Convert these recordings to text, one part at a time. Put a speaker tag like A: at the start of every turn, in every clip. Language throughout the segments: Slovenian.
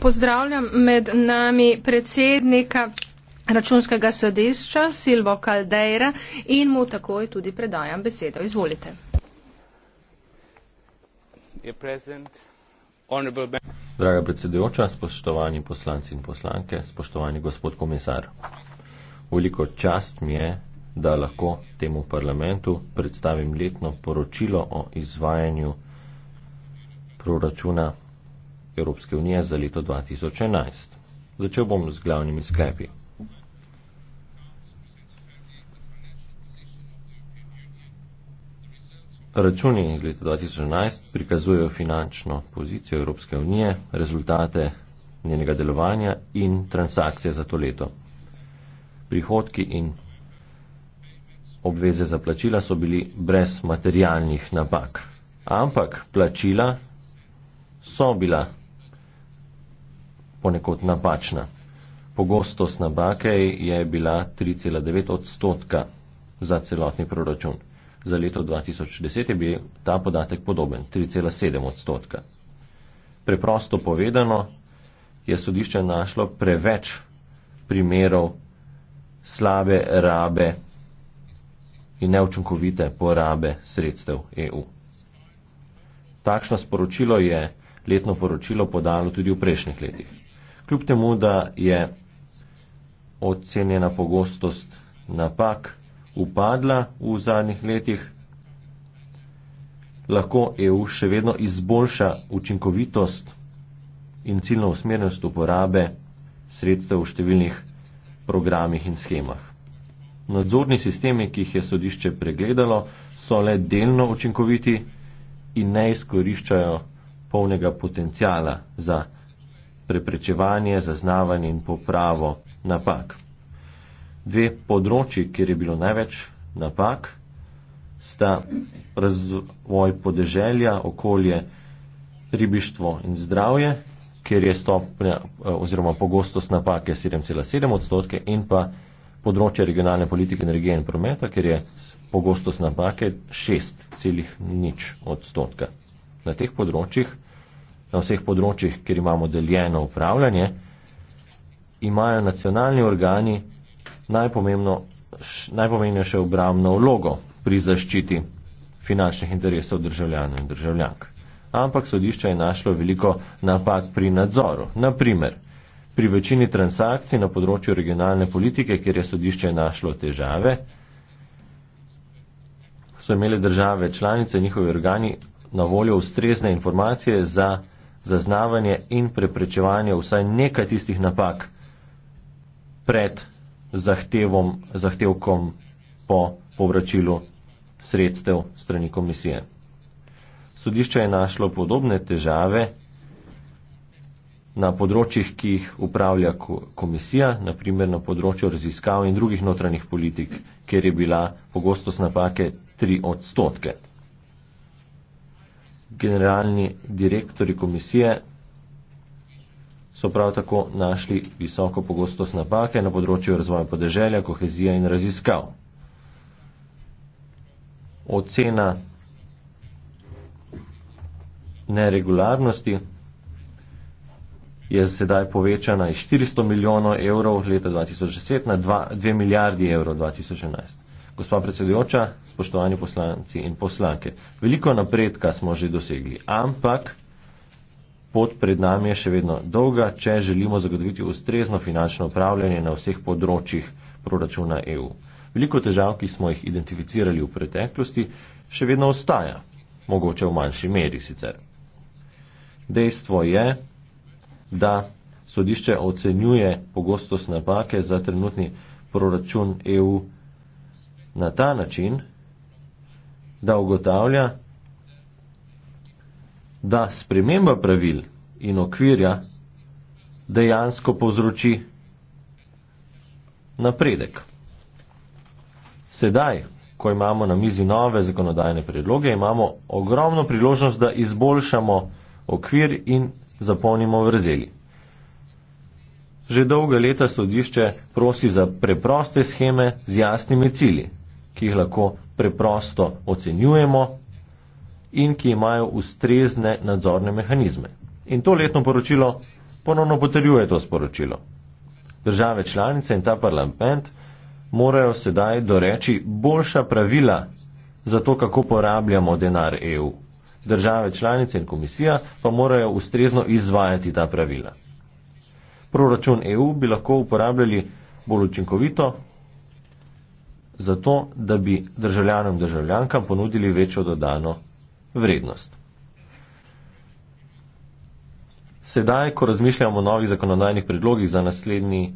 A: Pozdravljam
B: med nami predsednika računskega sodišča Silvo Caldeira in mu takoj tudi predajam besedo. Izvolite.
C: Draga predsedujoča, spoštovani poslanci in poslanke, spoštovani gospod komisar. Veliko čast mi je, da lahko temu parlamentu predstavim letno poročilo o izvajanju proračuna Evropske unije za leto 2011. Začel bom z glavnimi sklepi. Računi iz leta 2011 prikazujejo finančno pozicijo Evropske unije, rezultate njenega delovanja in transakcije za to leto. Prihodki in obveze za plačila so bili brez materialnih napak, ampak plačila so bila ponekod napačna. Pogostost napake je bila 3,9 odstotka za celotni proračun. Za leto 2010 je bil ta podatek podoben, 3,7 odstotka. Preprosto povedano, je sodišče našlo preveč primerov slabe rabe in neučinkovite porabe sredstev EU. Takšno sporočilo je letno poročilo podalo tudi v prejšnjih letih. Kljub temu, da je ocenjena pogostost napak upadla v zadnjih letih, lahko EU še vedno izboljša učinkovitost in ciljno usmernost uporabe sredstev v številnih programih in schemah. Nadzorni sistemi, ki jih je sodišče pregledalo, so le delno učinkoviti in ne izkoriščajo polnega potencijala za preprečevanje, zaznavanje in popravo napak. Dve področji, kjer je bilo največ napak, sta razvoj podeželja, okolje, ribištvo in zdravje, kjer je stopnja eh, oziroma pogostost napake 7,7 odstotke in pa področje regionalne politike, energije in prometa, kjer je pogostost napake 6,0 odstotka. Na teh področjih na vseh področjih, kjer imamo deljeno upravljanje, imajo nacionalni organi najpomembnejše obramno vlogo pri zaščiti finančnih interesov državljanov in državljank. Ampak sodišče je našlo veliko napak pri nadzoru. Naprimer, pri večini transakcij na področju regionalne politike, kjer je sodišče našlo težave, so imele države članice in njihovi organi na voljo ustrezne informacije za zaznavanje in preprečevanje vsaj nekaj tistih napak pred zahtevom, zahtevkom po povračilu sredstev strani komisije. Sodišče je našlo podobne težave na področjih, ki jih upravlja komisija, naprimer na področju raziskav in drugih notranjih politik, kjer je bila pogostost napake 3 odstotke generalni direktori komisije so prav tako našli visoko pogostost napake na področju razvoja podeželja, kohezija in raziskav. Ocena neregularnosti je sedaj povečana iz 400 milijonov evrov leta 2010 na 2, 2 milijardi evrov 2011. Gospa predsedujoča, spoštovani poslanci in poslanke, veliko napredka smo že dosegli, ampak pot pred nami je še vedno dolga, če želimo zagotoviti ustrezno finančno upravljanje na vseh področjih proračuna EU. Veliko težav, ki smo jih identificirali v preteklosti, še vedno ostaja, mogoče v manjši meri sicer. Dejstvo je, da sodišče ocenjuje pogostost napake za trenutni proračun EU na ta način, da ugotavlja, da sprememba pravil in okvirja dejansko povzroči napredek. Sedaj, ko imamo na mizi nove zakonodajne predloge, imamo ogromno priložnost, da izboljšamo okvir in zapolnimo vrzeli. Že dolga leta sodišče prosi za preproste scheme z jasnimi cili, ki jih lahko preprosto ocenjujemo in ki imajo ustrezne nadzorne mehanizme. In to letno poročilo ponovno potrjuje to sporočilo. Države članice in ta parlament morajo sedaj doreči boljša pravila za to, kako porabljamo denar EU. Države članice in komisija pa morajo ustrezno izvajati ta pravila. Proračun EU bi lahko uporabljali bolj učinkovito, zato, da bi državljanom in državljankam ponudili večjo dodano vrednost. Sedaj, ko razmišljamo o novih zakonodajnih predlogih za naslednji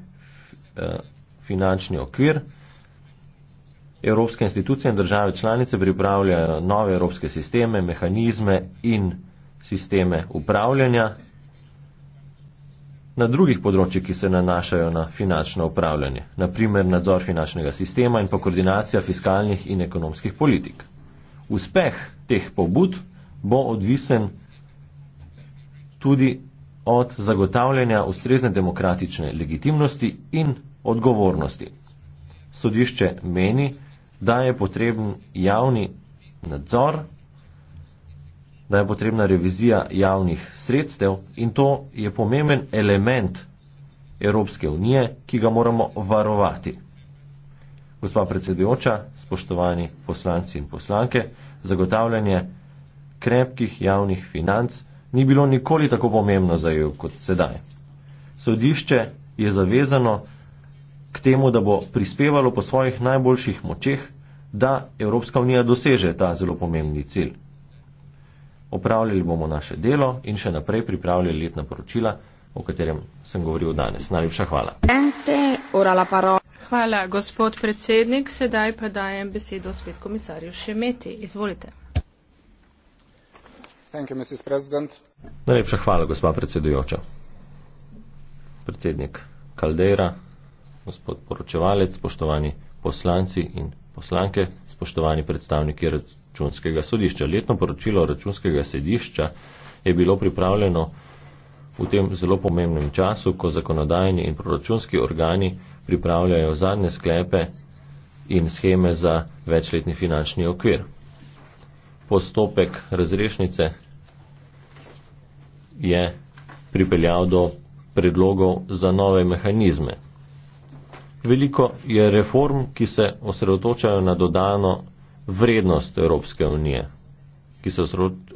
C: eh, finančni okvir, evropske institucije in države članice pripravljajo nove evropske sisteme, mehanizme in sisteme upravljanja na drugih področjih, ki se nanašajo na finančno upravljanje, naprimer nadzor finančnega sistema in pa koordinacija fiskalnih in ekonomskih politik. Uspeh teh pobud bo odvisen tudi od zagotavljanja ustrezne demokratične legitimnosti in odgovornosti. Sodišče meni, da je potreben javni nadzor da je potrebna revizija javnih sredstev in to je pomemben element Evropske unije, ki ga moramo varovati. Gospa predsedujoča, spoštovani poslanci in poslanke, zagotavljanje krepkih javnih financ ni bilo nikoli tako pomembno za EU kot sedaj. Sodišče je zavezano k temu, da bo prispevalo po svojih najboljših močeh, da Evropska unija doseže ta zelo pomembni cilj opravljali bomo naše delo in še naprej pripravljali letna poročila, o katerem sem govoril danes. Najlepša hvala.
B: Hvala, gospod predsednik. Sedaj pa dajem besedo spet komisarju Šemeti. Izvolite.
A: Thank you, Mrs. President.
C: Najlepša hvala, gospa predsedujoča. Predsednik Kaldera, gospod poročevalec, spoštovani poslanci in poslanke, spoštovani predstavniki računskega sodišča. Letno poročilo računskega sodišča je bilo pripravljeno v tem zelo pomembnem času, ko zakonodajni in proračunski organi pripravljajo zadnje sklepe in scheme za večletni finančni okvir. Postopek razrešnice je pripeljal do predlogov za nove mehanizme. Veliko je reform, ki se osredotočajo na dodano vrednost Evropske unije, ki se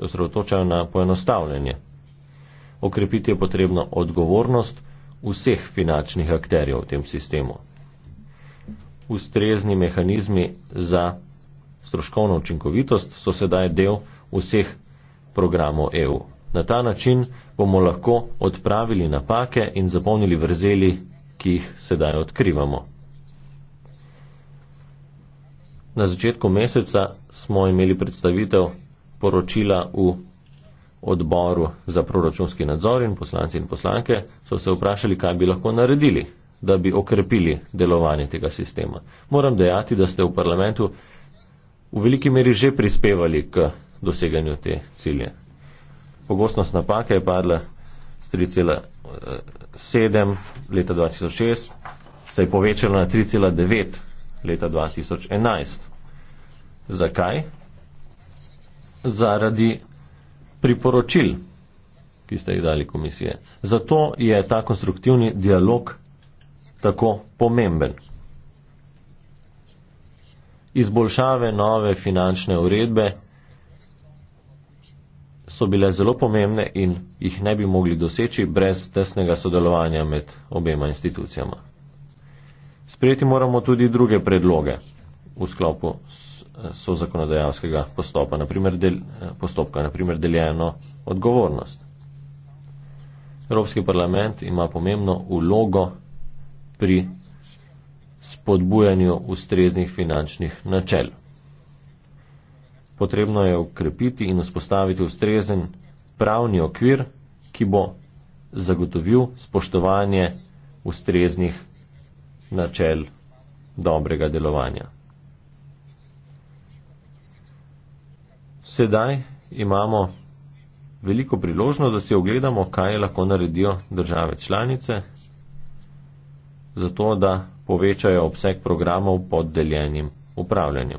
C: osredotočajo na poenostavljanje. Okrepiti je potrebno odgovornost vseh finančnih akterjev v tem sistemu. Ustrezni mehanizmi za stroškovno učinkovitost so sedaj del vseh programov EU. Na ta način bomo lahko odpravili napake in zapolnili vrzeli, ki jih sedaj odkrivamo. Na začetku meseca smo imeli predstavitev poročila v odboru za proračunski nadzor in poslanci in poslanke so se vprašali, kaj bi lahko naredili, da bi okrepili delovanje tega sistema. Moram dejati, da ste v parlamentu v veliki meri že prispevali k doseganju te cilje. Pogostnost napake je padla z 3,7 leta 2006, se je povečala na 3,9 leta 2011. Zakaj? Zaradi priporočil, ki ste jih dali komisije. Zato je ta konstruktivni dialog tako pomemben. Izboljšave nove finančne uredbe so bile zelo pomembne in jih ne bi mogli doseči brez tesnega sodelovanja med obema institucijama. Sprejeti moramo tudi druge predloge v sklopu so zakonodajalskega eh, postopka, naprimer, del, postopka, naprimer deljeno odgovornost. Evropski parlament ima pomembno ulogo pri spodbujanju ustreznih finančnih načel. Potrebno je ukrepiti in vzpostaviti ustrezen pravni okvir, ki bo zagotovil spoštovanje ustreznih načel dobrega delovanja. Sedaj imamo veliko priložnost, da si ogledamo, kaj lahko naredijo države članice, zato da povečajo obseg programov pod deljenim upravljanjem.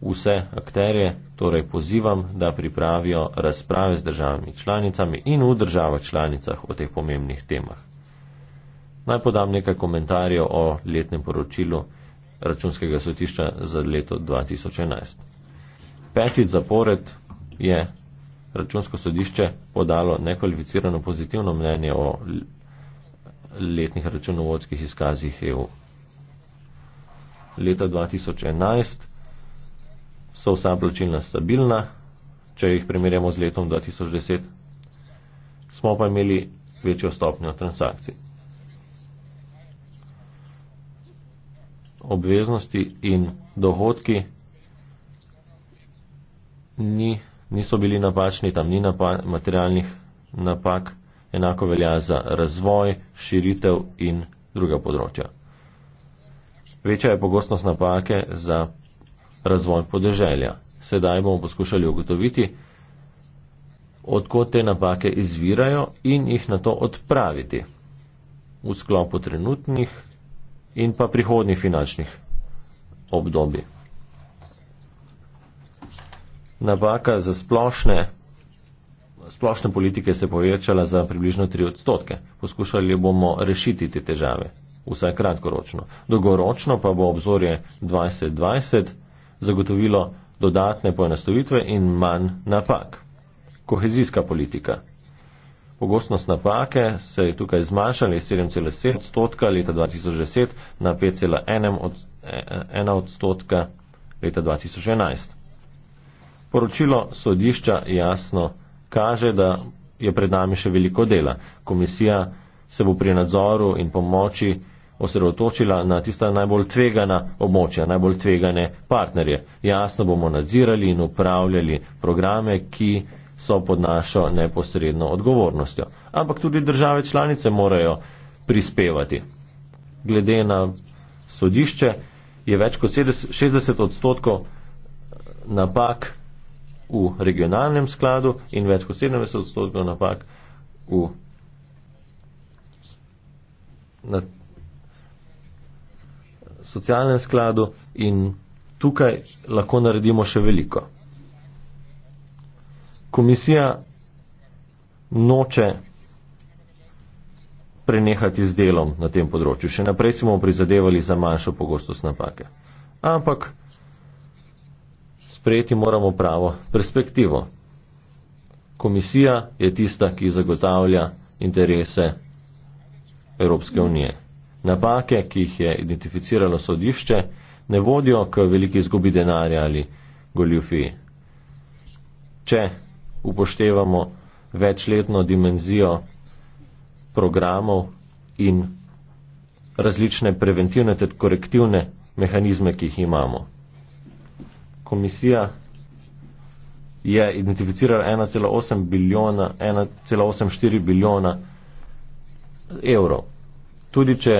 C: Vse akterje torej pozivam, da pripravijo razprave z državami članicami in v državah članicah o teh pomembnih temah. Naj podam nekaj komentarjev o letnem poročilu računskega sodišča za leto 2011 petič zapored je računsko sodišče podalo nekvalificirano pozitivno mnenje o letnih računovodskih izkazih EU. Leta 2011 so vsa plačilna stabilna, če jih primerjamo z letom 2010, smo pa imeli večjo stopnjo transakcij. Obveznosti in dohodki ni, niso bili napačni, tam ni napa materialnih napak, enako velja za razvoj, širitev in druga področja. Večja je pogostnost napake za razvoj podeželja. Sedaj bomo poskušali ugotoviti, odkot te napake izvirajo in jih na to odpraviti v sklopu trenutnih in pa prihodnih finančnih obdobij napaka za splošne, splošne politike se povečala za približno 3 odstotke. Poskušali bomo rešiti te težave, vsaj kratkoročno. Dolgoročno pa bo obzorje 2020 zagotovilo dodatne poenostavitve in manj napak. Kohezijska politika. Pogostnost napake se je tukaj zmanjšala iz 7,7 odstotka leta 2010 na 5,1 e, e, odstotka leta 2011. Poročilo sodišča jasno kaže, da je pred nami še veliko dela. Komisija se bo pri nadzoru in pomoči osredotočila na tista najbolj tvegana območja, najbolj tvegane partnerje. Jasno bomo nadzirali in upravljali programe, ki so pod našo neposredno odgovornostjo. Ampak tudi države članice morajo prispevati. Glede na sodišče je več kot 60 odstotkov napak v regionalnem skladu in več kot 70 odstotkov napak v, na socialnem skladu in tukaj lahko naredimo še veliko. Komisija noče prenehati z delom na tem področju. Še naprej smo prizadevali za manjšo pogostost napake. Ampak sprejeti moramo pravo perspektivo. Komisija je tista, ki zagotavlja interese Evropske unije. Napake, ki jih je identificiralo sodišče, ne vodijo k veliki izgubi denarja ali goljufiji. Če upoštevamo večletno dimenzijo programov in različne preventivne ter korektivne mehanizme, ki jih imamo komisija je identificirala 1,8 biljona, 1,84 biljona evrov. Tudi če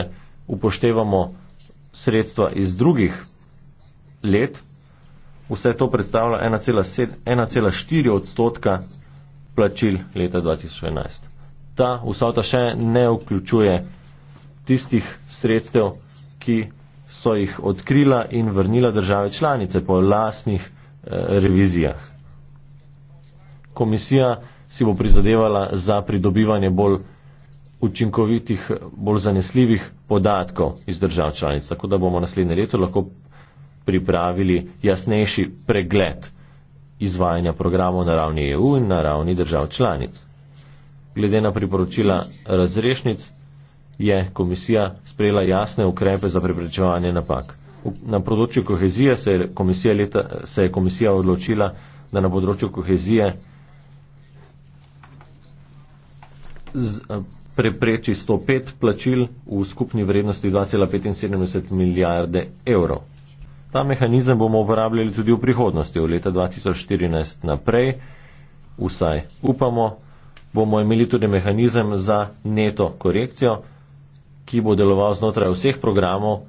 C: upoštevamo sredstva iz drugih let, vse to predstavlja 1,4 odstotka plačil leta 2011. Ta vsota še ne vključuje tistih sredstev, ki so jih odkrila in vrnila države članice po lasnih eh, revizijah. Komisija si bo prizadevala za pridobivanje bolj učinkovitih, bolj zanesljivih podatkov iz držav članic, tako da bomo naslednje leto lahko pripravili jasnejši pregled izvajanja programov na ravni EU in na ravni držav članic. Glede na priporočila razrešnic je komisija sprejela jasne ukrepe za preprečevanje napak. Na področju kohezije se je komisija, leta, se je komisija odločila, da na področju kohezije z, eh, prepreči 105 plačil v skupni vrednosti 2,75 milijarde evrov. Ta mehanizem bomo uporabljali tudi v prihodnosti, v leta 2014 naprej, vsaj upamo, bomo imeli tudi mehanizem za neto korekcijo, ki bo deloval znotraj vseh programov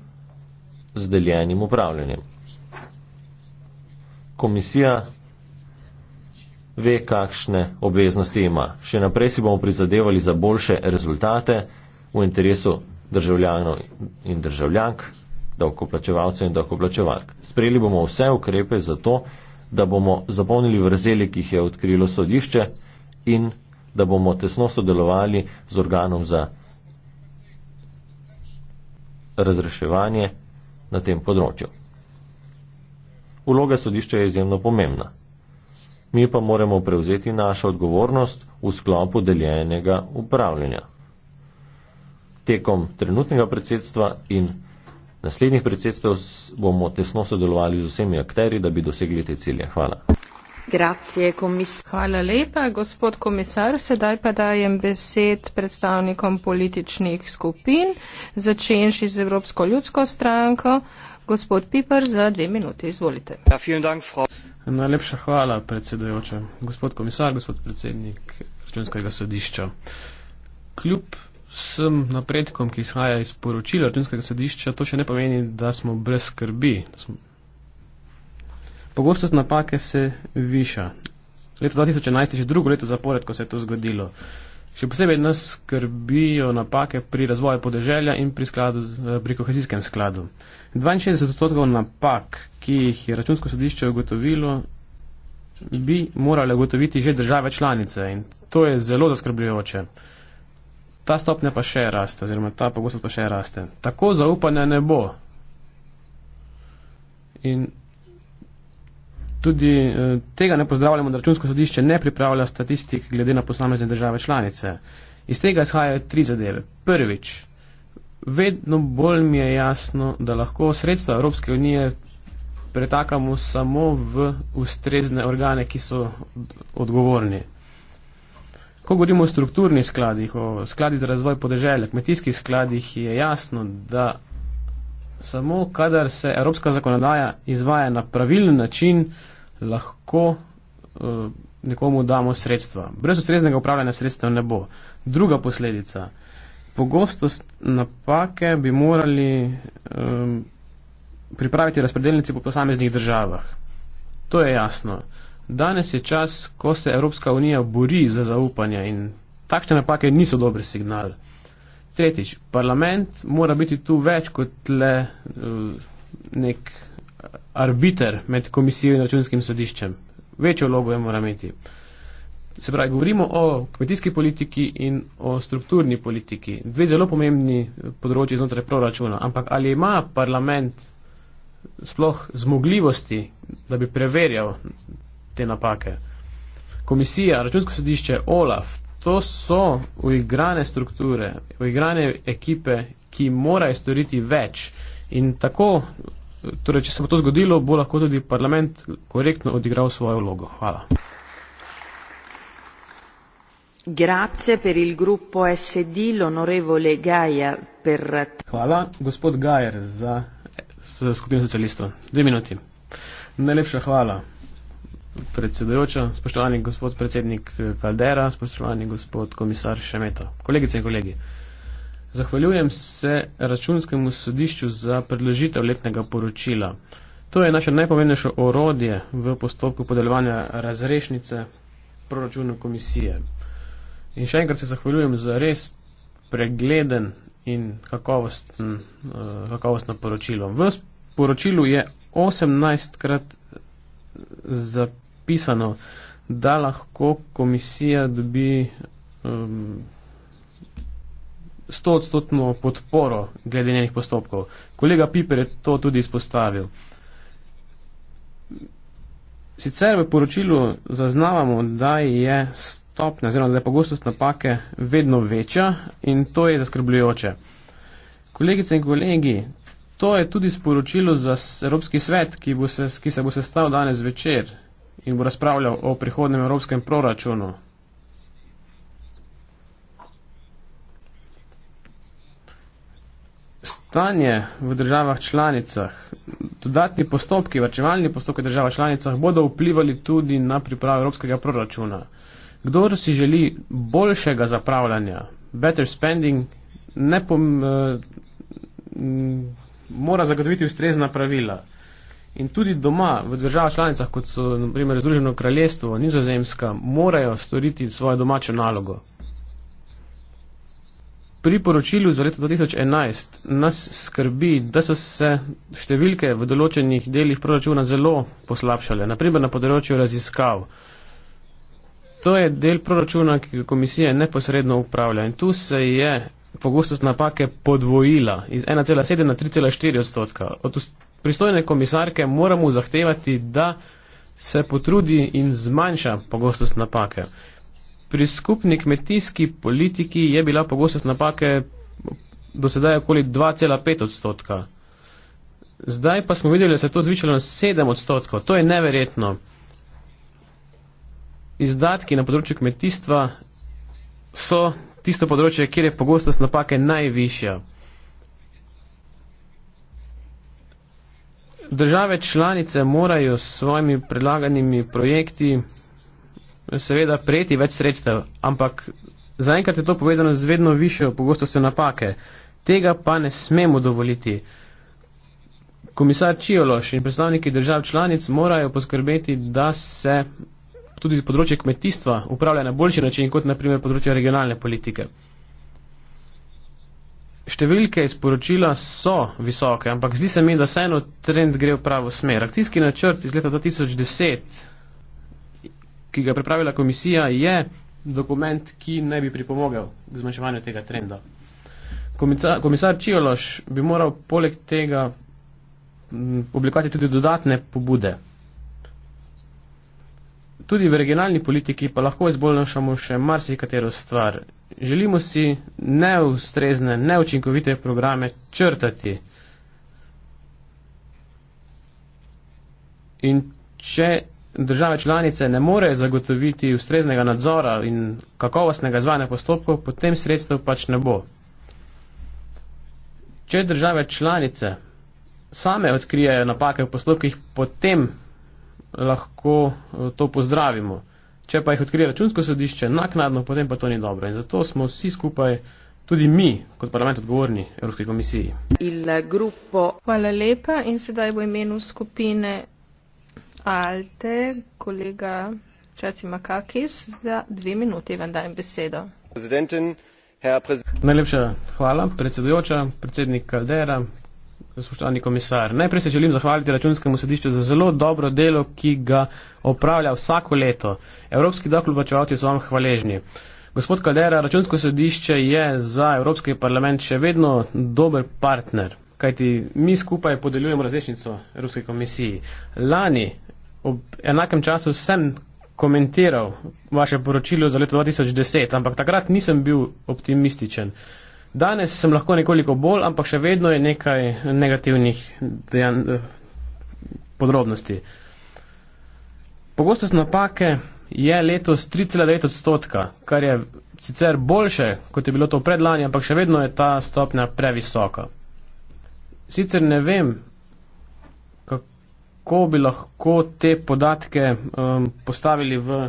C: z deljenim upravljanjem. Komisija ve, kakšne obveznosti ima. Še naprej si bomo prizadevali za boljše rezultate v interesu državljanov in državljank, davkoplačevalcev in davkoplačevalk. Sprejeli bomo vse ukrepe za to, da bomo zapolnili vrzeli, ki jih je odkrilo sodišče in da bomo tesno sodelovali z organom za razreševanje na tem področju. Uloga sodišča je izjemno pomembna. Mi pa moramo prevzeti našo odgovornost v sklopu deljenega upravljanja. Tekom trenutnega predsedstva in naslednjih predsedstv bomo tesno sodelovali z vsemi akteri, da bi dosegli te cilje. Hvala.
A: Grazie,
B: Hvala lepa, gospod komisar. Sedaj pa dajem besed predstavnikom političnih skupin, začenši z Evropsko ljudsko stranko. Gospod Piper, za dve minuti izvolite.
D: Ja, dank, Najlepša hvala, predsedujoča. Gospod komisar, gospod predsednik računskega sodišča. Kljub vsem napredkom, ki izhaja iz poročila računskega sodišča, to še ne pomeni, da smo brez skrbi. Da smo Pogostost napake se viša. Leto 2011 je že drugo leto zapored, ko se je to zgodilo. Še posebej nas skrbijo napake pri razvoju podeželja in pri, skladu, eh, pri kohezijskem skladu. 62 odstotkov napak, ki jih je računsko sodišče ugotovilo, bi morale ugotoviti že države članice in to je zelo zaskrbljujoče. Ta stopnja pa še raste, oziroma ta pogostost pa še raste. Tako zaupanja ne bo. In Tudi eh, tega ne pozdravljamo, da računsko sodišče ne pripravlja statistik glede na posamezne države članice. Iz tega izhajajo tri zadeve. Prvič, vedno bolj mi je jasno, da lahko sredstva Evropske unije pretakamo samo v ustrezne organe, ki so odgovorni. Ko govorimo o strukturnih skladih, o skladih za razvoj podeželja, kmetijskih skladih, je jasno, da samo kadar se evropska zakonodaja izvaja na pravilen način, lahko eh, nekomu damo sredstva. Brez ustreznega upravljanja sredstev ne bo. Druga posledica. Pogostost napake bi morali um, pripraviti razpredelnici po posameznih državah. To je jasno. Danes je čas, ko se Evropska unija bori za zaupanje in takšne napake niso dober signal. Tretjič, parlament mora biti tu več kot le uh, nek arbiter med komisijo in računskim sodiščem. Večjo vlogo je mora imeti. Se pravi, govorimo o kmetijski politiki in o strukturni politiki. Dve zelo pomembni področji znotraj proračuna. Ampak ali ima parlament sploh zmogljivosti, da bi preverjal te napake? Komisija, računsko sodišče, OLAF, to so uigrane strukture, uigrane ekipe, ki morajo storiti več. In tako Torej, če se bo to zgodilo, bo lahko tudi parlament korektno odigral svojo vlogo. Hvala.
A: Grazie per il gruppo SD, l'onorevole Gaia per...
D: Hvala, gospod Gajer, za, za skupino socialistov. Dve minuti. Najlepša hvala, predsedojoča, spoštovani gospod predsednik Kaldera, eh, spoštovani gospod komisar Šemeto, kolegice in kolegi. Zahvaljujem se računskemu sodišču za predložitev letnega poročila. To je naše najpomembnejše orodje v postopku podeljevanja razrešnice proračuna komisije. In še enkrat se zahvaljujem za res pregleden in kakovosten, eh, kakovostno poročilo. V poročilu je 18 krat zapisano, da lahko komisija dobi um, stotstotno podporo glede njenih postopkov. Kolega Piper je to tudi izpostavil. Sicer v poročilu zaznavamo, da je stopnja oziroma da je pogostost napake vedno večja in to je zaskrbljujoče. Kolegice in kolegi, to je tudi sporočilo za Evropski svet, ki, se, ki se bo sestal danes večer in bo razpravljal o prihodnem evropskem proračunu 2021-2027. stanje v državah članicah, dodatni postopki, vrčevalni postopki v državah članicah bodo vplivali tudi na pripravo evropskega proračuna. Kdor si želi boljšega zapravljanja, better spending, ne pom, eh, mora zagotoviti ustrezna pravila. In tudi doma v državah članicah, kot so naprimer Združeno kraljestvo, Nizozemska, morajo storiti svojo domačo nalogo. Pri poročilu za leto 2011 nas skrbi, da so se številke v določenih delih proračuna zelo poslabšale, naprimer na področju raziskav. To je del proračuna, ki ga komisija neposredno upravlja in tu se je pogostost napake podvojila iz 1,7 na 3,4 odstotka. Od pristojne komisarke moramo zahtevati, da se potrudi in zmanjša pogostost napake. Pri skupni kmetijski politiki je bila pogostost napake do sedaj okoli 2,5 odstotka. Zdaj pa smo videli, da se je to zvišalo na 7 odstotkov. To je neverjetno. Izdatki na področju kmetijstva so tisto področje, kjer je pogostost napake najvišja. Države članice morajo s svojimi predlaganimi projekti seveda prejeti več sredstev, ampak zaenkrat je to povezano z vedno višjo pogostostjo napake. Tega pa ne smemo dovoliti. Komisar Čijološ in predstavniki držav članic morajo poskrbeti, da se tudi področje kmetijstva upravlja na boljši način kot naprimer področje regionalne politike. Številke iz poročila so visoke, ampak zdi se mi, da vseeno trend gre v pravo smer. Akcijski načrt iz leta 2010 ki ga je pripravila komisija, je dokument, ki ne bi pripomogel k zmanjševanju tega trenda. Komica, komisar Čiološ bi moral poleg tega oblikovati tudi dodatne pobude. Tudi v regionalni politiki pa lahko izboljšamo še marsikatero stvar. Želimo si neustrezne, neučinkovite programe črtati. In če države članice ne more zagotoviti ustreznega nadzora in kakovostnega zvanja postopkov, potem sredstev pač ne bo. Če države članice same odkrijajo napake v postopkih, potem lahko eh, to pozdravimo. Če pa jih odkrije računsko sodišče naknadno, potem pa to ni dobro. In zato smo vsi skupaj, tudi mi, kot parlament odgovorni Evropski komisiji.
B: Hvala lepa in sedaj v imenu skupine Alte, kolega Čacimakakis, za dve minuti vam dajem besedo.
D: Najlepša hvala, predsedujoča, predsednik Kaldera, spoštovani komisar. Najprej se želim zahvaliti računskemu sodišču za zelo dobro delo, ki ga opravlja vsako leto. Evropski doklubačevalci so vam hvaležni. Gospod Kaldera, računsko sodišče je za Evropski parlament še vedno dober partner, kajti mi skupaj podeljujemo različnico Evropske komisiji. Lani ob enakem času sem komentiral vaše poročilo za leto 2010, ampak takrat nisem bil optimističen. Danes sem lahko nekoliko bolj, ampak še vedno je nekaj negativnih dejan, eh, podrobnosti. Pogostost napake je letos 3,9 odstotka, kar je sicer boljše, kot je bilo to predlani, ampak še vedno je ta stopnja previsoka. Sicer ne vem, kako bi lahko te podatke um, postavili v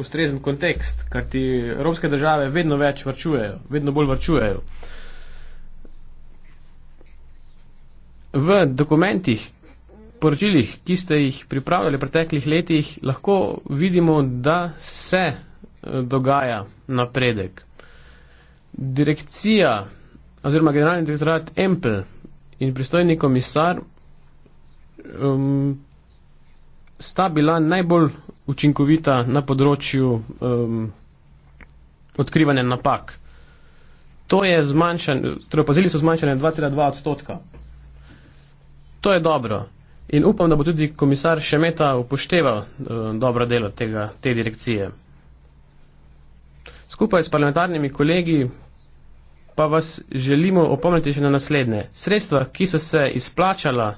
D: ustrezen kontekst, ker ti evropske države vedno več vrčujejo, vedno bolj vrčujejo. V dokumentih, poročilih, ki ste jih pripravljali v preteklih letih, lahko vidimo, da se eh, dogaja napredek. Direkcija oziroma generalni direktorat Empel in pristojni komisar um, sta bila najbolj učinkovita na področju um, odkrivanja napak. To je zmanjšanje, torej opazili so zmanjšanje 2,2 odstotka. To je dobro in upam, da bo tudi komisar Šemeta upošteval um, dobro delo tega, te direkcije. Skupaj s parlamentarnimi kolegi pa vas želimo opomniti še na naslednje. Sredstva, ki so se izplačala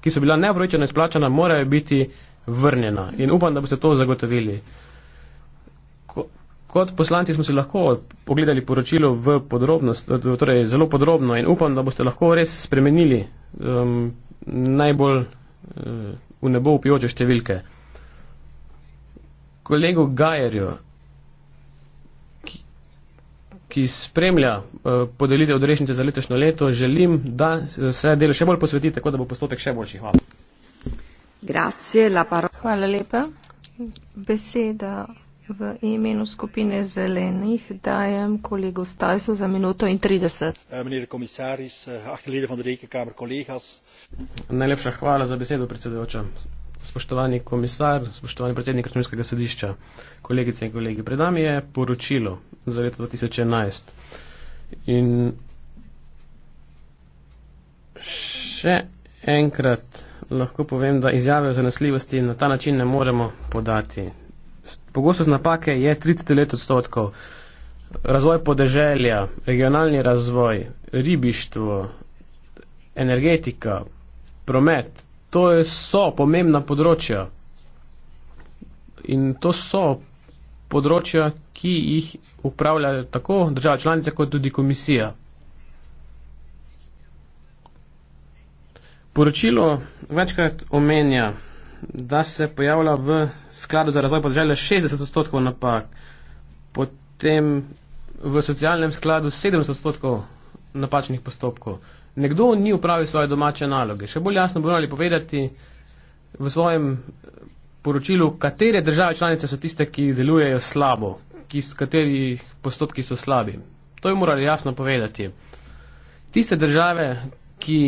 D: ki so bila neupravičeno izplačana, morajo biti vrnjena in upam, da boste to zagotovili. Ko, kot poslanci smo si lahko pogledali poročilo v podrobnost, torej zelo podrobno in upam, da boste lahko res spremenili um, najbolj uh, v nebo upijoče številke. Kolegu Gajerju ki spremlja eh, podelitev odrešnice za letošnjo leto, želim, da eh, se delo še bolj posvetite, tako da bo postopek še boljši. Hvala.
B: Grazie, Hvala lepa. Beseda v imenu skupine zelenih dajem kolegu Stajsu za minuto in 30. Eh, Mene komisaris, ahteljede von Rekekamer, kolegas. Najlepša
D: hvala za besedo, predsedujoča. Spoštovani komisar, spoštovani predsednik računskega sodišča, kolegice in kolegi, pred nami je poročilo za leto 2011. In še enkrat lahko povem, da izjave o zanesljivosti na ta način ne moremo podati. Pogostost napake je 30 let odstotkov. Razvoj podeželja, regionalni razvoj, ribištvo, energetika, promet, to je, so pomembna področja. In to so področja, ki jih upravljajo tako država članica, kot tudi komisija. Poročilo večkrat omenja, da se pojavlja v skladu za razvoj podželja 60 odstotkov napak, potem v socialnem skladu 70 odstotkov napačnih postopkov nekdo ni upravil svoje domače naloge. Še bolj jasno bi morali povedati v svojem eh, poročilu, katere države članice so tiste, ki delujejo slabo, ki, kateri postopki so slabi. To bi morali jasno povedati. Tiste države, ki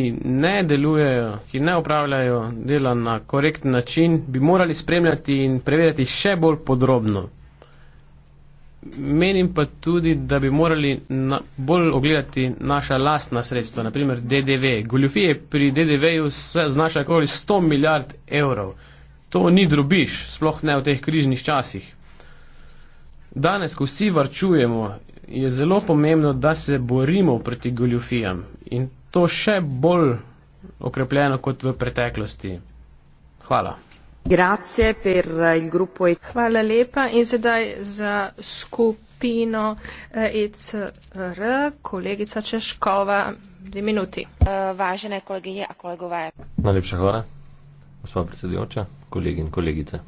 D: ne delujejo, ki ne upravljajo dela na korekt način, bi morali spremljati in preverjati še bolj podrobno. Menim pa tudi, da bi morali na, bolj ogledati naša lastna sredstva, naprimer DDV. Goljufije pri DDV-ju znašajo okoli 100 milijard evrov. To ni drobiš, sploh ne v teh križnih časih. Danes, ko vsi varčujemo, je zelo pomembno, da se borimo proti goljufijam in to še bolj okrepljeno kot v preteklosti. Hvala.
A: Grazie per il gruppo ETS. Hvala lepa
B: in sedaj za skupino ECR, eh, e kolegica Češkova, dve minuti. Eh, Važene koleginje in kolegove.
C: Najlepša hvala, gospod predsedujoča, kolegi in kolegice.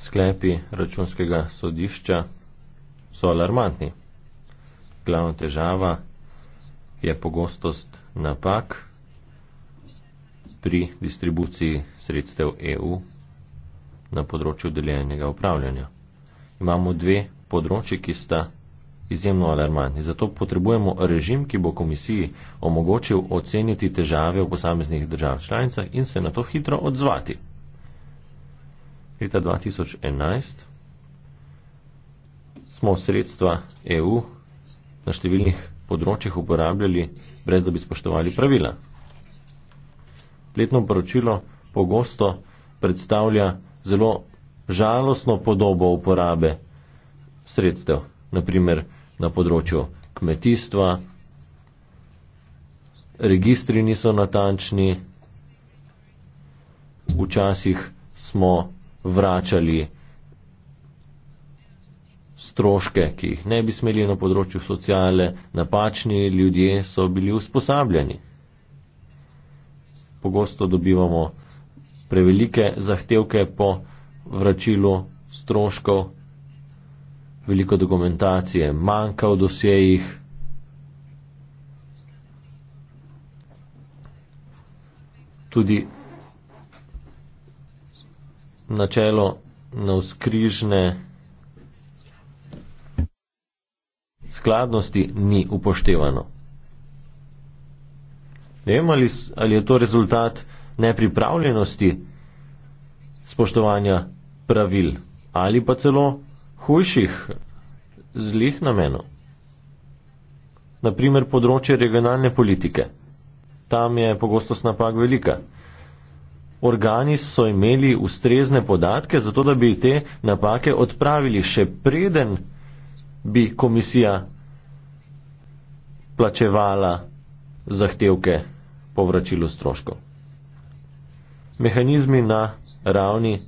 C: Sklepi računskega sodišča so alarmantni. Glavna težava je pogostost napak pri distribuciji sredstev EU na področju deljenega upravljanja. Imamo dve področji, ki sta izjemno alarmantni. Zato potrebujemo režim, ki bo komisiji omogočil oceniti težave v posameznih držav članicah in se na to hitro odzvati. Leta 2011 smo sredstva EU na številnih področjih uporabljali, brez da bi spoštovali pravila letno poročilo pogosto predstavlja zelo žalostno podobo uporabe sredstev, naprimer na področju kmetijstva, registri niso natančni, včasih smo vračali stroške, ki jih ne bi smeli na področju sociale, napačni ljudje so bili usposabljani pogosto dobivamo prevelike zahtevke po vračilu stroškov, veliko dokumentacije manjka v dosjejih. Tudi načelo navskrižne skladnosti ni upoštevano. Ne vem, ali, ali je to rezultat nepripravljenosti spoštovanja pravil ali pa celo hujših zlih namenov. Naprimer, področje regionalne politike. Tam je pogostost napak velika. Organi so imeli ustrezne podatke, zato da bi te napake odpravili še preden bi komisija plačevala zahtevke po vračilu stroškov. Mehanizmi na ravni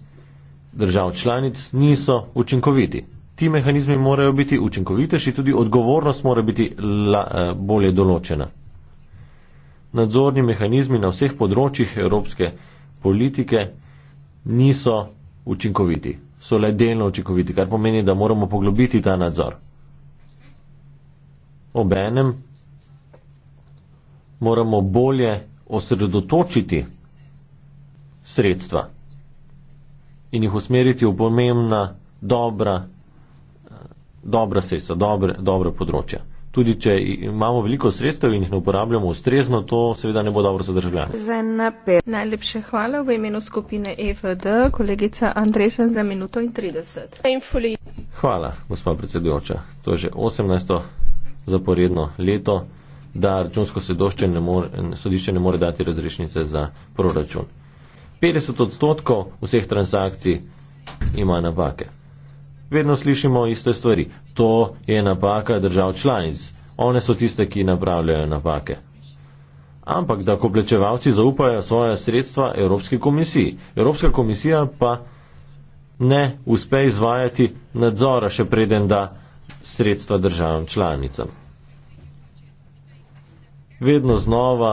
C: držav članic niso učinkoviti. Ti mehanizmi morajo biti učinkovitejši, tudi odgovornost mora biti la, eh, bolje določena. Nadzorni mehanizmi na vseh področjih evropske politike niso učinkoviti, so le delno učinkoviti, kar pomeni, da moramo poglobiti ta nadzor. Obenem moramo bolje osredotočiti sredstva in jih usmeriti v pomembna dobra, dobra sredstva, dobre, dobre področja. Tudi če imamo veliko sredstev in jih ne uporabljamo ustrezno, to seveda ne bo dobro za
B: državljane. Najlepše hvala v imenu skupine EFD, kolegica Andresen za minuto in 30.
C: Hvala, gospod predsedujoča. To je že 18. zaporedno leto da računsko sodišče ne, more, sodišče ne more dati razrešnice za proračun. 50 odstotkov vseh transakcij ima napake. Vedno slišimo iste stvari. To je napaka držav članic. One so tiste, ki napravljajo napake. Ampak da koplečevalci zaupajo svoje sredstva Evropski komisiji. Evropska komisija pa ne uspe izvajati nadzora, še preden da sredstva državam članicam vedno znova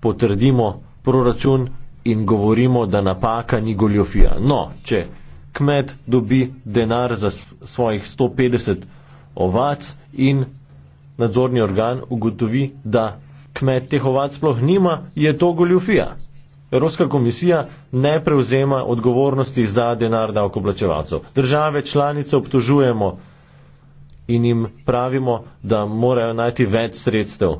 C: potrdimo proračun in govorimo, da napaka ni goljofija. No, če kmet dobi denar za svojih 150 ovac in nadzorni organ ugotovi, da kmet teh ovac sploh nima, je to goljofija. Evropska komisija ne prevzema odgovornosti za denar davkoplačevalcev. Države članice obtožujemo, in jim pravimo, da morajo najti več sredstev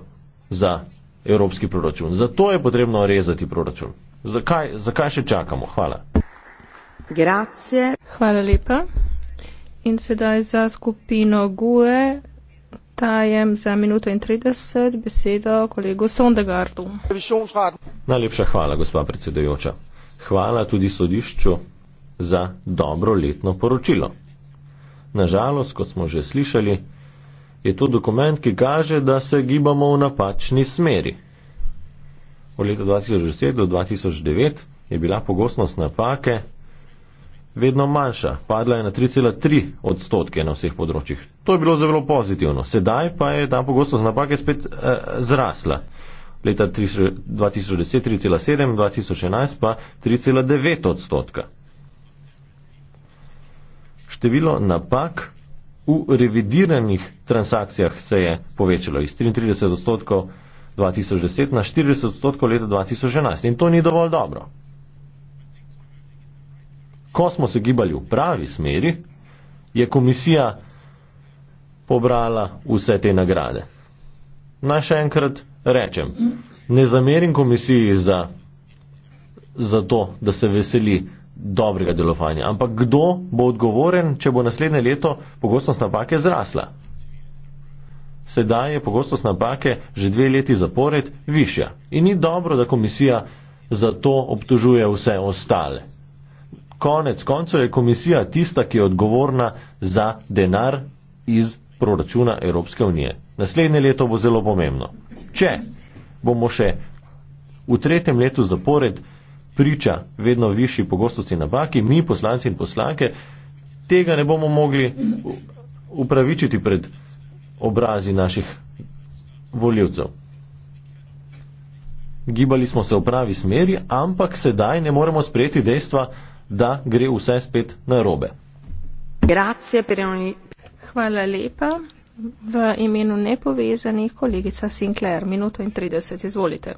C: za evropski proračun. Zato je potrebno rezati proračun. Zakaj, zakaj še čakamo? Hvala.
B: Grazie. Hvala lepa. In sedaj za skupino GUE dajem za minuto in 30 besedo kolegu Sondegardu.
C: Najlepša hvala, gospa predsedujoča. Hvala tudi sodišču za dobro letno poročilo. Nažalost, kot smo že slišali, je to dokument, ki kaže, da se gibamo v napačni smeri. Od leta 2007 do 2009 je bila pogostnost napake vedno manjša, padla je na 3,3 odstotke na vseh področjih. To je bilo zelo pozitivno. Sedaj pa je ta pogostnost napake spet eh, zrasla. Leta 3, 2010 3,7, 2011 pa 3,9 odstotka. Število napak v revidiranih transakcijah se je povečalo iz 33 odstotkov 2010 na 40 odstotkov leta 2011 in to ni dovolj dobro. Ko smo se gibali v pravi smeri, je komisija pobrala vse te nagrade. Naj še enkrat rečem, ne zamerim komisiji za, za to, da se veseli dobrega delovanja. Ampak kdo bo odgovoren, če bo naslednje leto pogostnost napake zrasla? Sedaj je pogostnost napake že dve leti zapored višja in ni dobro, da komisija za to obtožuje vse ostale. Konec koncev je komisija tista, ki je odgovorna za denar iz proračuna Evropske unije. Naslednje leto bo zelo pomembno. Če bomo še v tretjem letu zapored priča vedno višji pogostosti napaki, mi poslanci in poslanke tega ne bomo mogli upravičiti pred obrazi naših voljivcev. Gibali smo se v pravi smeri, ampak sedaj ne moremo sprejeti dejstva, da gre vse spet na robe.
A: Grazie,
B: Hvala lepa. V imenu nepovezanih kolegica Sinclair, minuto in 30, izvolite.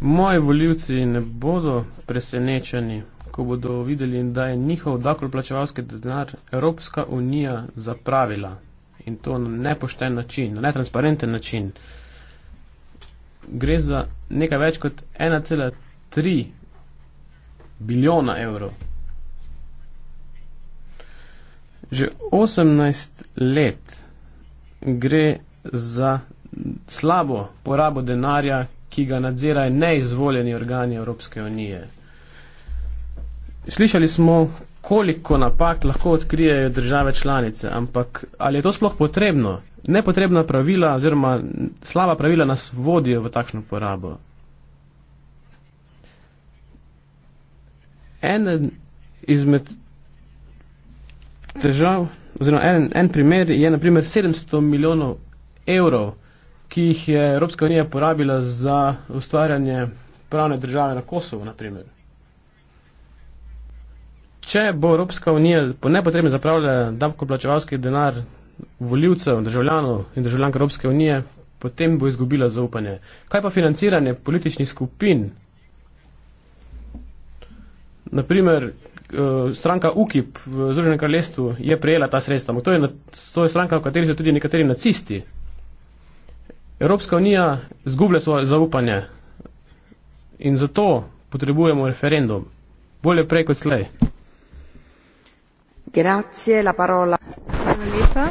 D: Moji voljivci ne bodo presenečeni, ko bodo videli, da je njihov davkoplačevalski denar Evropska unija zapravila in to na nepošten način, na netransparenten način. Gre za nekaj več kot 1,3 biliona evrov. Že 18 let gre za slabo porabo denarja, ki ga nadzirajo neizvoljeni organi Evropske unije. Slišali smo, koliko napak lahko odkrijejo države članice, ampak ali je to sploh potrebno? Nepotrebna pravila oziroma slaba pravila nas vodijo v takšno porabo. Eden izmed težav, oziroma en, en primer je naprimer 700 milijonov evrov, ki jih je Evropska unija porabila za ustvarjanje pravne države na Kosovo, naprimer. Če bo Evropska unija po nepotrebi zapravljala davkoplačevalski denar voljivcev, državljanov in državljank Evropske unije, potem bo izgubila zaupanje. Kaj pa financiranje političnih skupin? Naprimer, Eh, stranka UKIP v Združenem kraljestvu je prejela ta sredstva. To je, to je stranka, v kateri so tudi nekateri nacisti. Evropska unija zgublja svoje zaupanje in zato potrebujemo referendum. Bolje prej kot slej.
A: Grazie, la parola.
B: Hvala lepa.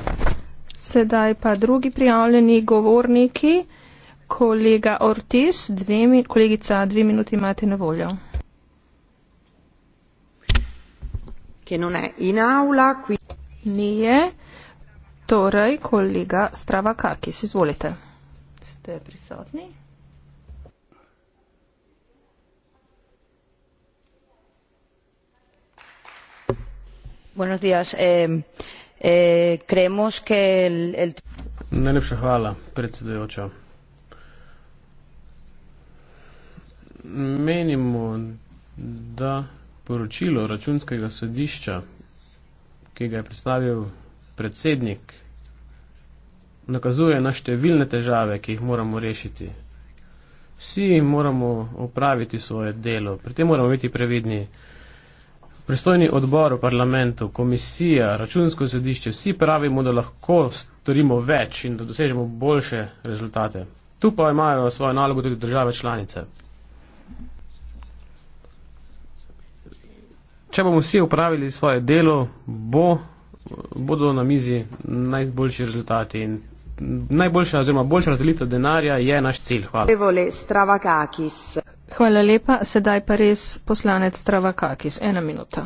B: Sedaj pa drugi prijavljeni govorniki. Kolega Ortiz, dve, kolegica, dve minuti imate na voljo. che non è in aula qui. Nije, torej kolega Stravakakis, izvolite. Ste prisotni?
A: Buenos días. Eh, eh, creemos que el, el...
D: Najlepša hvala, predsedujoča. Menimo, da poročilo računskega sodišča, ki ga je predstavil predsednik, nakazuje na številne težave, ki jih moramo rešiti. Vsi moramo opraviti svoje delo, pri tem moramo biti previdni. Pristojni odbor v parlamentu, komisija, računsko sodišče, vsi pravimo, da lahko storimo več in da dosežemo boljše rezultate. Tu pa imajo svojo nalogo tudi države članice. če bomo vsi upravili svoje delo, bo, bodo na mizi najboljši rezultati. In najboljša oziroma boljša razdelitev denarja je naš cilj.
B: Hvala. Hvala lepa. Sedaj pa res poslanec Stravakakis. Ena minuta.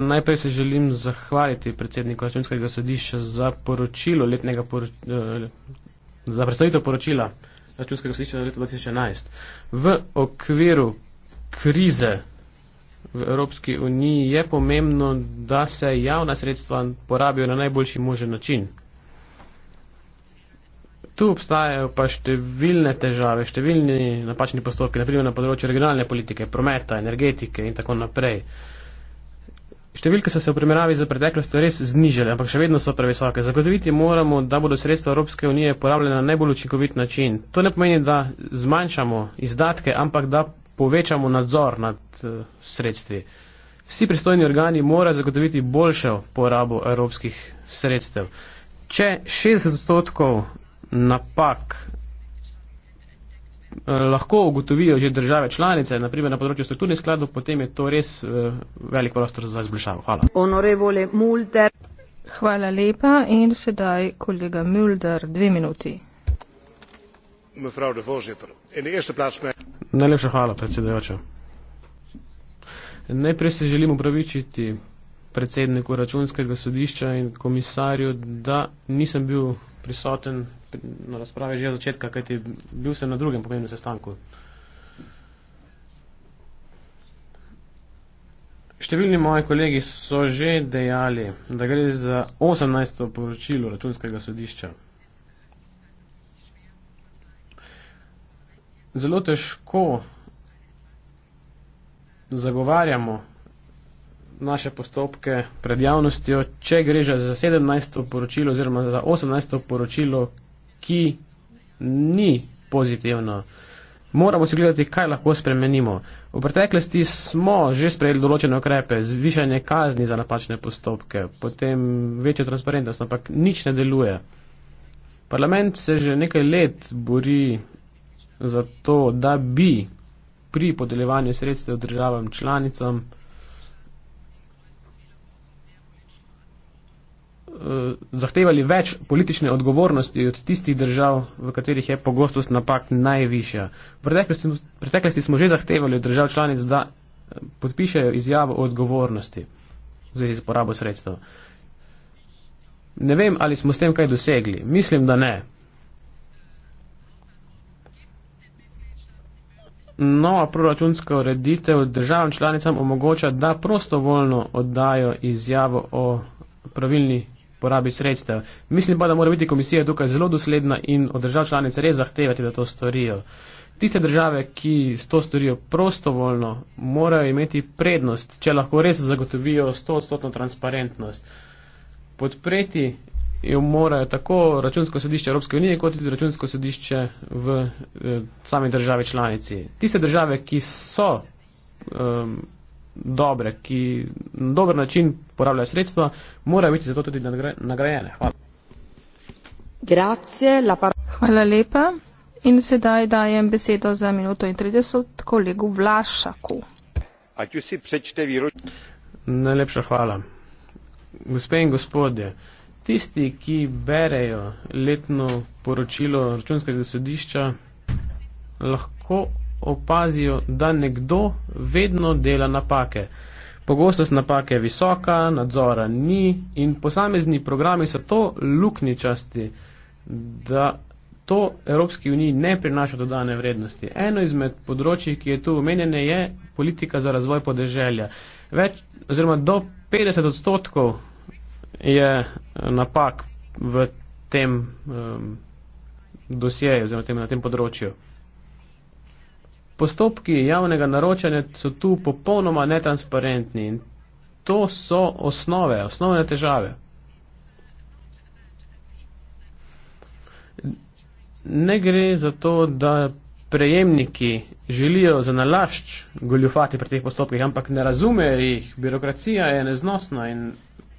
C: Najprej
D: se želim zahvaliti predsedniku računskega sodišča za poročilo letnega, poro, eh, za predstavitev poročila računskega sodišča za leto 2011. V okviru krize v Evropski uniji je pomembno, da se javna sredstva porabijo na najboljši možen način. Tu obstajajo pa številne težave, številni napačni postopki, naprimer na področju regionalne politike, prometa, energetike in tako naprej. Uh, Številke so se v primerjavi z preteklostjo res znižale, ampak še vedno so previsoke. Zagotoviti moramo, da bodo sredstva Evropske unije porabljena na najbolj učinkovit način. To ne pomeni, da zmanjšamo izdatke, ampak da povečamo nadzor nad uh, sredstvi. Vsi pristojni organi morajo zagotoviti boljšo porabo evropskih sredstev. Če 60 odstotkov napak Eh, lahko ugotovijo že države članice, naprimer na področju strukturnih skladov, potem je to res eh, velik prostor za izboljšavo.
A: Hvala. Hvala
B: lepa in sedaj kolega Mulder, dve minuti.
D: Najlepša hvala, predsedujoča. Najprej se želim upravičiti predsedniku računskega sodišča in komisarju, da nisem bil prisoten na razpravi že od začetka, kajti bil sem na drugem pomembnem sestanku. Številni moji kolegi so že dejali, da gre za 18. poročilo računskega sodišča. Zelo težko zagovarjamo naše postopke pred javnostjo, če gre že za 17. poročilo oziroma za 18. poročilo, ki ni pozitivno. Moramo si gledati, kaj lahko spremenimo. V preteklosti smo že sprejeli določene okrepe, zvišanje kazni za napačne postopke, potem večjo transparentnost, ampak nič ne deluje. Parlament se že nekaj let bori za to, da bi pri podeljevanju sredstev državam članicam Eh, zahtevali več politične odgovornosti od tistih držav, v katerih je pogostost napak najvišja. V preteklosti, v preteklosti smo že zahtevali od držav članic, da eh, podpišejo izjavo o odgovornosti v zvezi z porabo sredstev. Ne vem, ali smo s tem kaj dosegli. Mislim, da ne. Nova proračunska ureditev državam članicam omogoča, da prostovoljno oddajo izjavo o pravilni porabi sredstev. Mislim pa, da mora biti komisija tukaj zelo dosledna in od držav članice res zahtevati, da to storijo. Tiste države, ki to storijo prostovoljno, morajo imeti prednost, če lahko res zagotovijo 100-odstotno transparentnost. Podpreti jo morajo tako računsko sodišče Evropske unije, kot tudi računsko sodišče v eh, sami državi članici. Tiste države, ki so. Eh, dobre, ki na dober način porabljajo sredstva, morajo biti zato tudi nagrajene. Hvala.
A: Grazie, la par- Hvala lepa. In
B: sedaj dajem besedo za minuto in 30 kolegu Vlašaku.
D: Najlepša hvala. Gospe in gospodje, tisti, ki berejo letno poročilo računskega sodišča, lahko opazijo, da nekdo vedno dela napake. Pogostost napake je visoka, nadzora ni in posamezni programi so to lukničasti, da to Evropski uniji ne prinaša dodane vrednosti. Eno izmed področji, ki je tu omenjene, je politika za razvoj podeželja. Več oziroma do 50 odstotkov je eh, napak v tem um, dosjeju oziroma tem, na tem področju. Postopki javnega naročanja so tu popolnoma netransparentni in to so osnove, osnovne težave. Ne gre za to, da prejemniki želijo zanalašč goljufati pri teh postopkih, ampak ne razumejo jih. Birokracija je neznosna in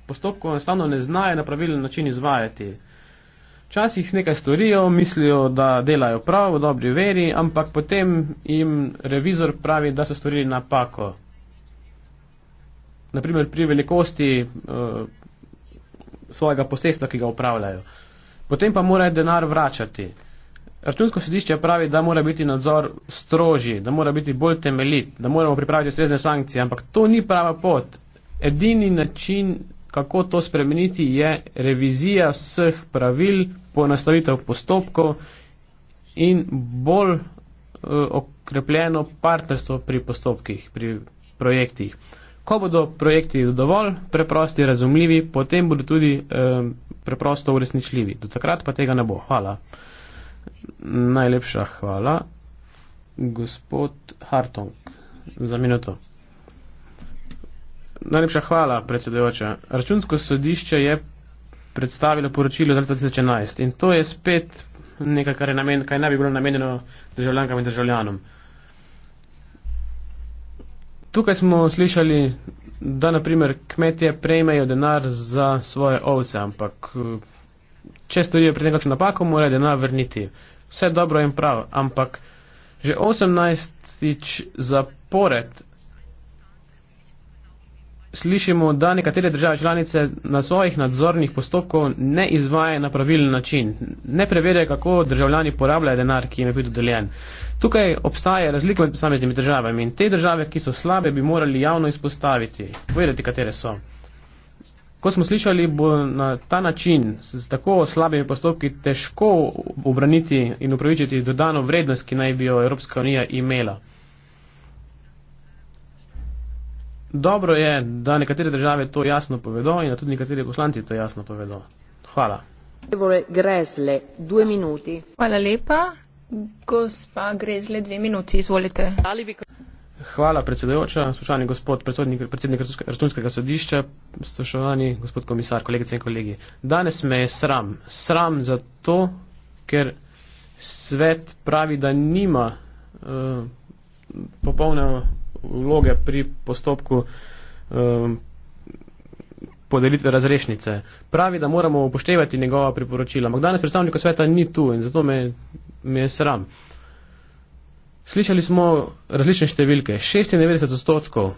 D: postopkov enostavno ne znajo na pravilen način izvajati. Včasih nekaj storijo, mislijo, da delajo prav, v dobri veri, ampak potem jim revizor pravi, da so storili napako. Naprimer pri velikosti uh, svojega posestva, ki ga upravljajo. Potem pa morajo denar vračati. Računsko sodišče pravi, da mora biti nadzor strožji, da mora biti bolj temeljit, da moramo pripraviti ustrezne sankcije, ampak to ni prava pot. Edini način kako to spremeniti, je revizija vseh pravil, poenostavitev postopkov in bolj eh, okrepljeno partnerstvo pri postopkih, pri projektih. Ko bodo projekti dovolj preprosti, razumljivi, potem bodo tudi um, preprosto uresničljivi. Do takrat pa tega ne bo. Hvala. Najlepša hvala. Gospod Hartong, za minuto. Najlepša hvala, predsedujoča. Računsko sodišče je predstavilo poročilo za leto 2011 in to je spet nekaj, kar je namen, kaj naj bi bilo namenjeno državljankam in državljanom. Tukaj smo slišali, da naprimer kmetje prejmejo denar za svoje ovce, ampak eh, če storijo pred nekakšno napako, morajo denar vrniti. Vse dobro in prav, ampak že 18. zapored slišimo, da nekatere države članice na svojih nadzornih postopkov ne izvajajo na pravilen način, ne preverjajo, kako državljani porabljajo denar, ki jim je bil dodeljen. Tukaj obstaja razlika med posameznimi državami in te države, ki so slabe, bi morali javno izpostaviti, povedati, katere so. Ko smo slišali, bo na ta način z tako slabimi postopki težko obraniti in upravičiti dodano vrednost, ki naj bi jo Evropska unija imela. Dobro je, da nekatere države to jasno povedo in da tudi nekateri poslanci to jasno povedo. Hvala.
A: Grezle, dve minuti. Hvala lepa.
B: Gospa Grezle, dve minuti, izvolite.
D: Hvala predsedujoča, spoštovani gospod predsednik, predsednik računskega sodišča, spoštovani gospod komisar, kolegice in kolegi. Danes me je sram. Sram zato, ker svet pravi, da nima uh, eh, popolnoma vloge pri postopku um, podelitve razrešnice. Pravi, da moramo upoštevati njegova priporočila, ampak danes predstavnik sveta ni tu in zato me, me je sram. Slišali smo različne številke. 96 odstotkov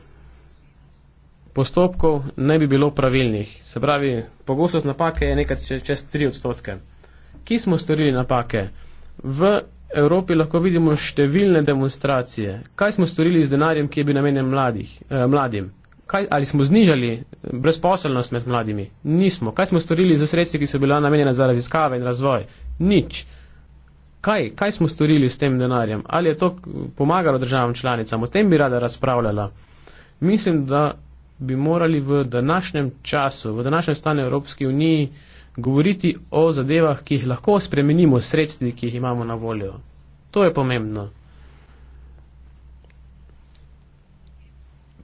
D: postopkov ne bi bilo pravilnih. Se pravi, pogostost napake je nekaj čez 3 odstotke. Kje smo storili napake? V Evropi lahko vidimo številne demonstracije. Kaj smo storili z denarjem, ki je bil namenjen mladih, eh, mladim? Kaj, ali smo znižali eh, brezposelnost med mladimi? Nismo. Kaj smo storili za sredstva, ki so bila namenjena za raziskave in razvoj? Nič. Kaj, kaj smo storili s tem denarjem? Ali je to eh, pomagalo državam članicam? O tem bi rada razpravljala. Mislim, da bi morali v današnjem času, v današnjem stanju Evropske unije, govoriti o zadevah, ki jih lahko spremenimo s sredstvi, ki jih imamo na voljo. To je pomembno.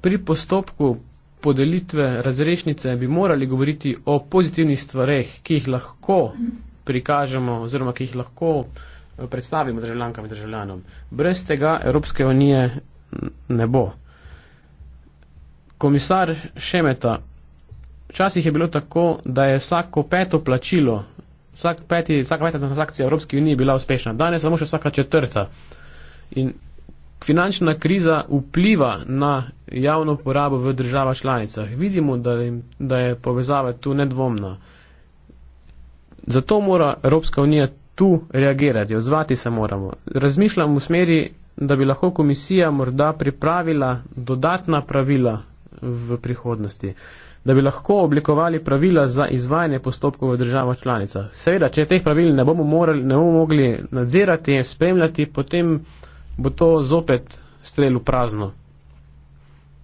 D: Pri postopku podelitve razrešnice bi morali govoriti o pozitivnih stvareh, ki jih lahko prikažemo oziroma ki jih lahko eh, predstavimo državljankam in državljanom. Brez tega Evropske unije ne bo. Komisar Šemeta Včasih je bilo tako, da je vsako peto plačilo, vsak peti, vsaka peta transakcija v Evropski uniji bila uspešna, danes samo še vsaka četrta. In finančna kriza vpliva na javno porabo v državah članicah. Vidimo, da, da je povezava tu nedvomna. Zato mora Evropska unija tu reagirati, odzvati se moramo. Razmišljam v smeri, da bi lahko komisija morda pripravila dodatna pravila v prihodnosti da bi lahko oblikovali pravila za izvajanje postopkov v državah članicah. Seveda, če teh pravil ne bomo, morali, ne bomo mogli nadzirati in spremljati, potem bo to zopet strel v prazno.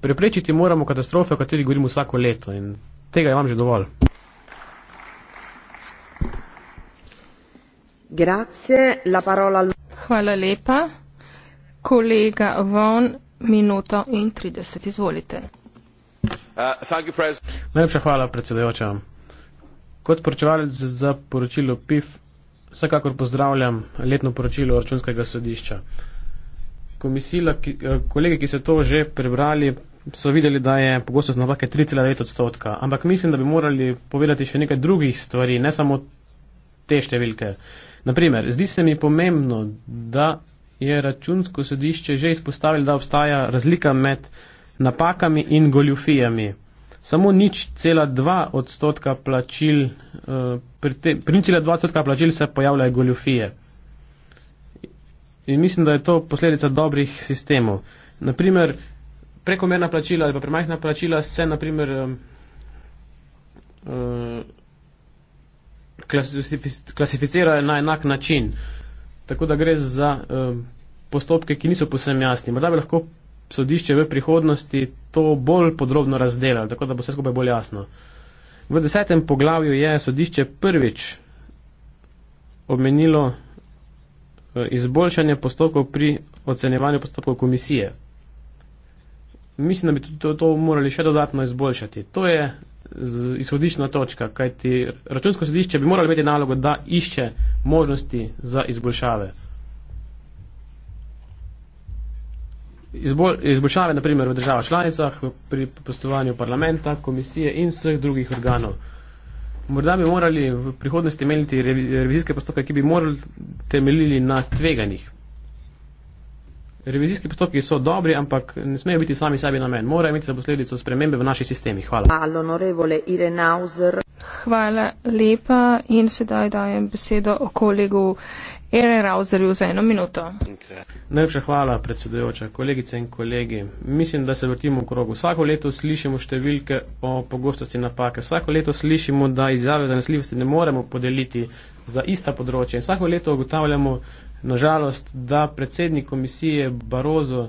D: Preprečiti moramo katastrofe, o kateri govorimo vsako leto in tega je vam že dovolj.
A: Grazie, la parola... Hvala
B: lepa. Kolega Von, minuto in 30, izvolite. Uh,
D: Najlepša hvala, predsedajoča. Kot poročevalec za poročilo PIF, vsekakor pozdravljam letno poročilo računskega sodišča. Komisila, ki, eh, kolege, ki so to že prebrali, so videli, da je pogostost napake 3,9 odstotka, ampak mislim, da bi morali povedati še nekaj drugih stvari, ne samo te številke. Naprimer, zdi se mi pomembno, da je računsko sodišče že izpostavilo, da obstaja razlika med napakami in goljufijami. Samo nič cela dva odstotka plačil, uh, pri nič cela dva odstotka plačil se pojavljajo goljufije. In mislim, da je to posledica dobrih sistemov. Naprimer, prekomerna plačila ali pa premajhna plačila se naprimer um, eh, eh, klasificirajo na enak način. Tako da gre za um, postopke, ki niso posem jasni. Morda bi lahko sodišče v prihodnosti to bolj podrobno razdelalo, tako da bo vse skupaj bolj jasno. V desetem poglavju je sodišče prvič omenilo eh, izboljšanje postopkov pri ocenjevanju postopkov komisije. Mislim, da bi to, to morali še dodatno izboljšati. To je izhodišna točka, kajti računsko sodišče bi moralo imeti nalogo, da išče možnosti za izboljšave. izboljšave, naprimer v državah članicah, pri postovanju parlamenta, komisije in vseh drugih organov. Morda bi morali v prihodnosti imeliti revizijske postopke, ki bi morali temeljili na tveganjih. Revizijski postopki so dobri, ampak ne smejo biti sami sebi namen. Morajo imeti za posledico spremembe v naših sistemih. Hvala.
A: Hvala, Hvala
B: lepa in sedaj dajem besedo o kolegu Eren Rauzerju za eno minuto.
D: Najlepša hvala, predsedujoča, kolegice in kolegi. Mislim, da se vrtimo v krogu. Vsako leto slišimo številke o pogostosti napake. Vsako leto slišimo, da izjave zanesljivosti ne moremo podeliti za ista področja. In vsako leto ugotavljamo, nažalost, da predsednik komisije Barozo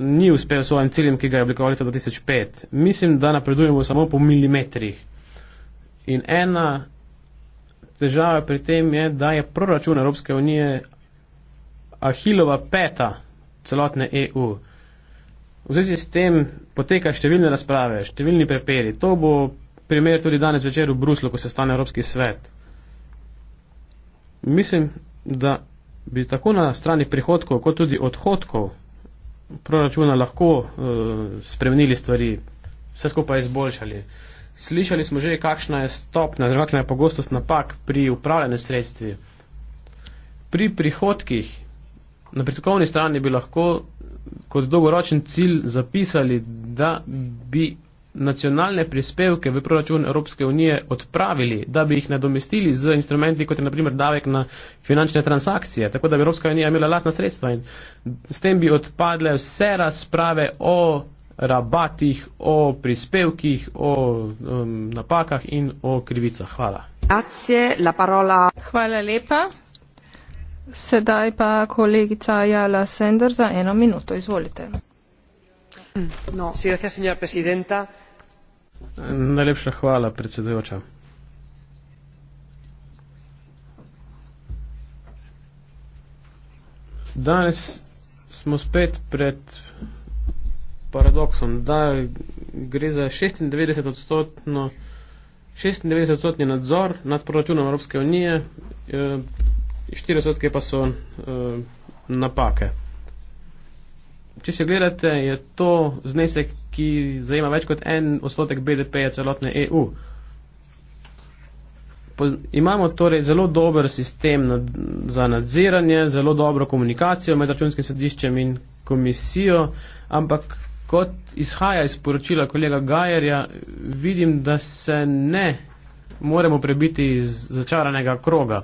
D: ni uspel s svojim ciljem, ki ga je oblikoval leta 2005. Mislim, da napredujemo samo po milimetrih. In ena težava pri tem je, da je proračun Evropske unije ahilova peta celotne EU. V zvezi s tem poteka številne razprave, številni preperi. To bo primer tudi danes večer v Bruslu, ko se stane Evropski svet. Mislim, da bi tako na strani prihodkov, kot tudi odhodkov proračuna lahko uh, spremenili stvari, vse skupaj izboljšali. Uh, Slišali smo že, kakšna je stopna, kakšna je pogostost napak pri upravljanju sredstvi. Pri prihodkih na pritokovni strani bi lahko kot dolgoročen cilj zapisali, da bi nacionalne prispevke v proračun Evropske unije odpravili, da bi jih nadomestili z instrumenti, kot je naprimer davek na finančne transakcije, tako da bi Evropska unija imela lasna sredstva in s tem bi odpadle vse razprave o rabatih, o prispevkih, o um, napakah in o krivicah.
B: Hvala.
A: Hvala lepa. Sedaj pa
B: kolegica Jala Sender za eno minuto. Izvolite. No.
D: Sí, gracias, Najlepša hvala, predsedujoča. Danes smo spet pred paradoksom, da gre za 96 odstotno 96 odstotni nadzor nad proračunom Evropske unije, 4 eh, odstotke pa so eh, napake. Če se gledate, je to znesek, ki zajema več kot en odstotek BDP-ja celotne EU. Imamo torej zelo dober sistem za nadziranje, zelo dobro komunikacijo med računskim sodiščem in komisijo, ampak Kot izhaja iz poročila kolega Gajerja, vidim, da se ne moremo prebiti iz začaranega kroga.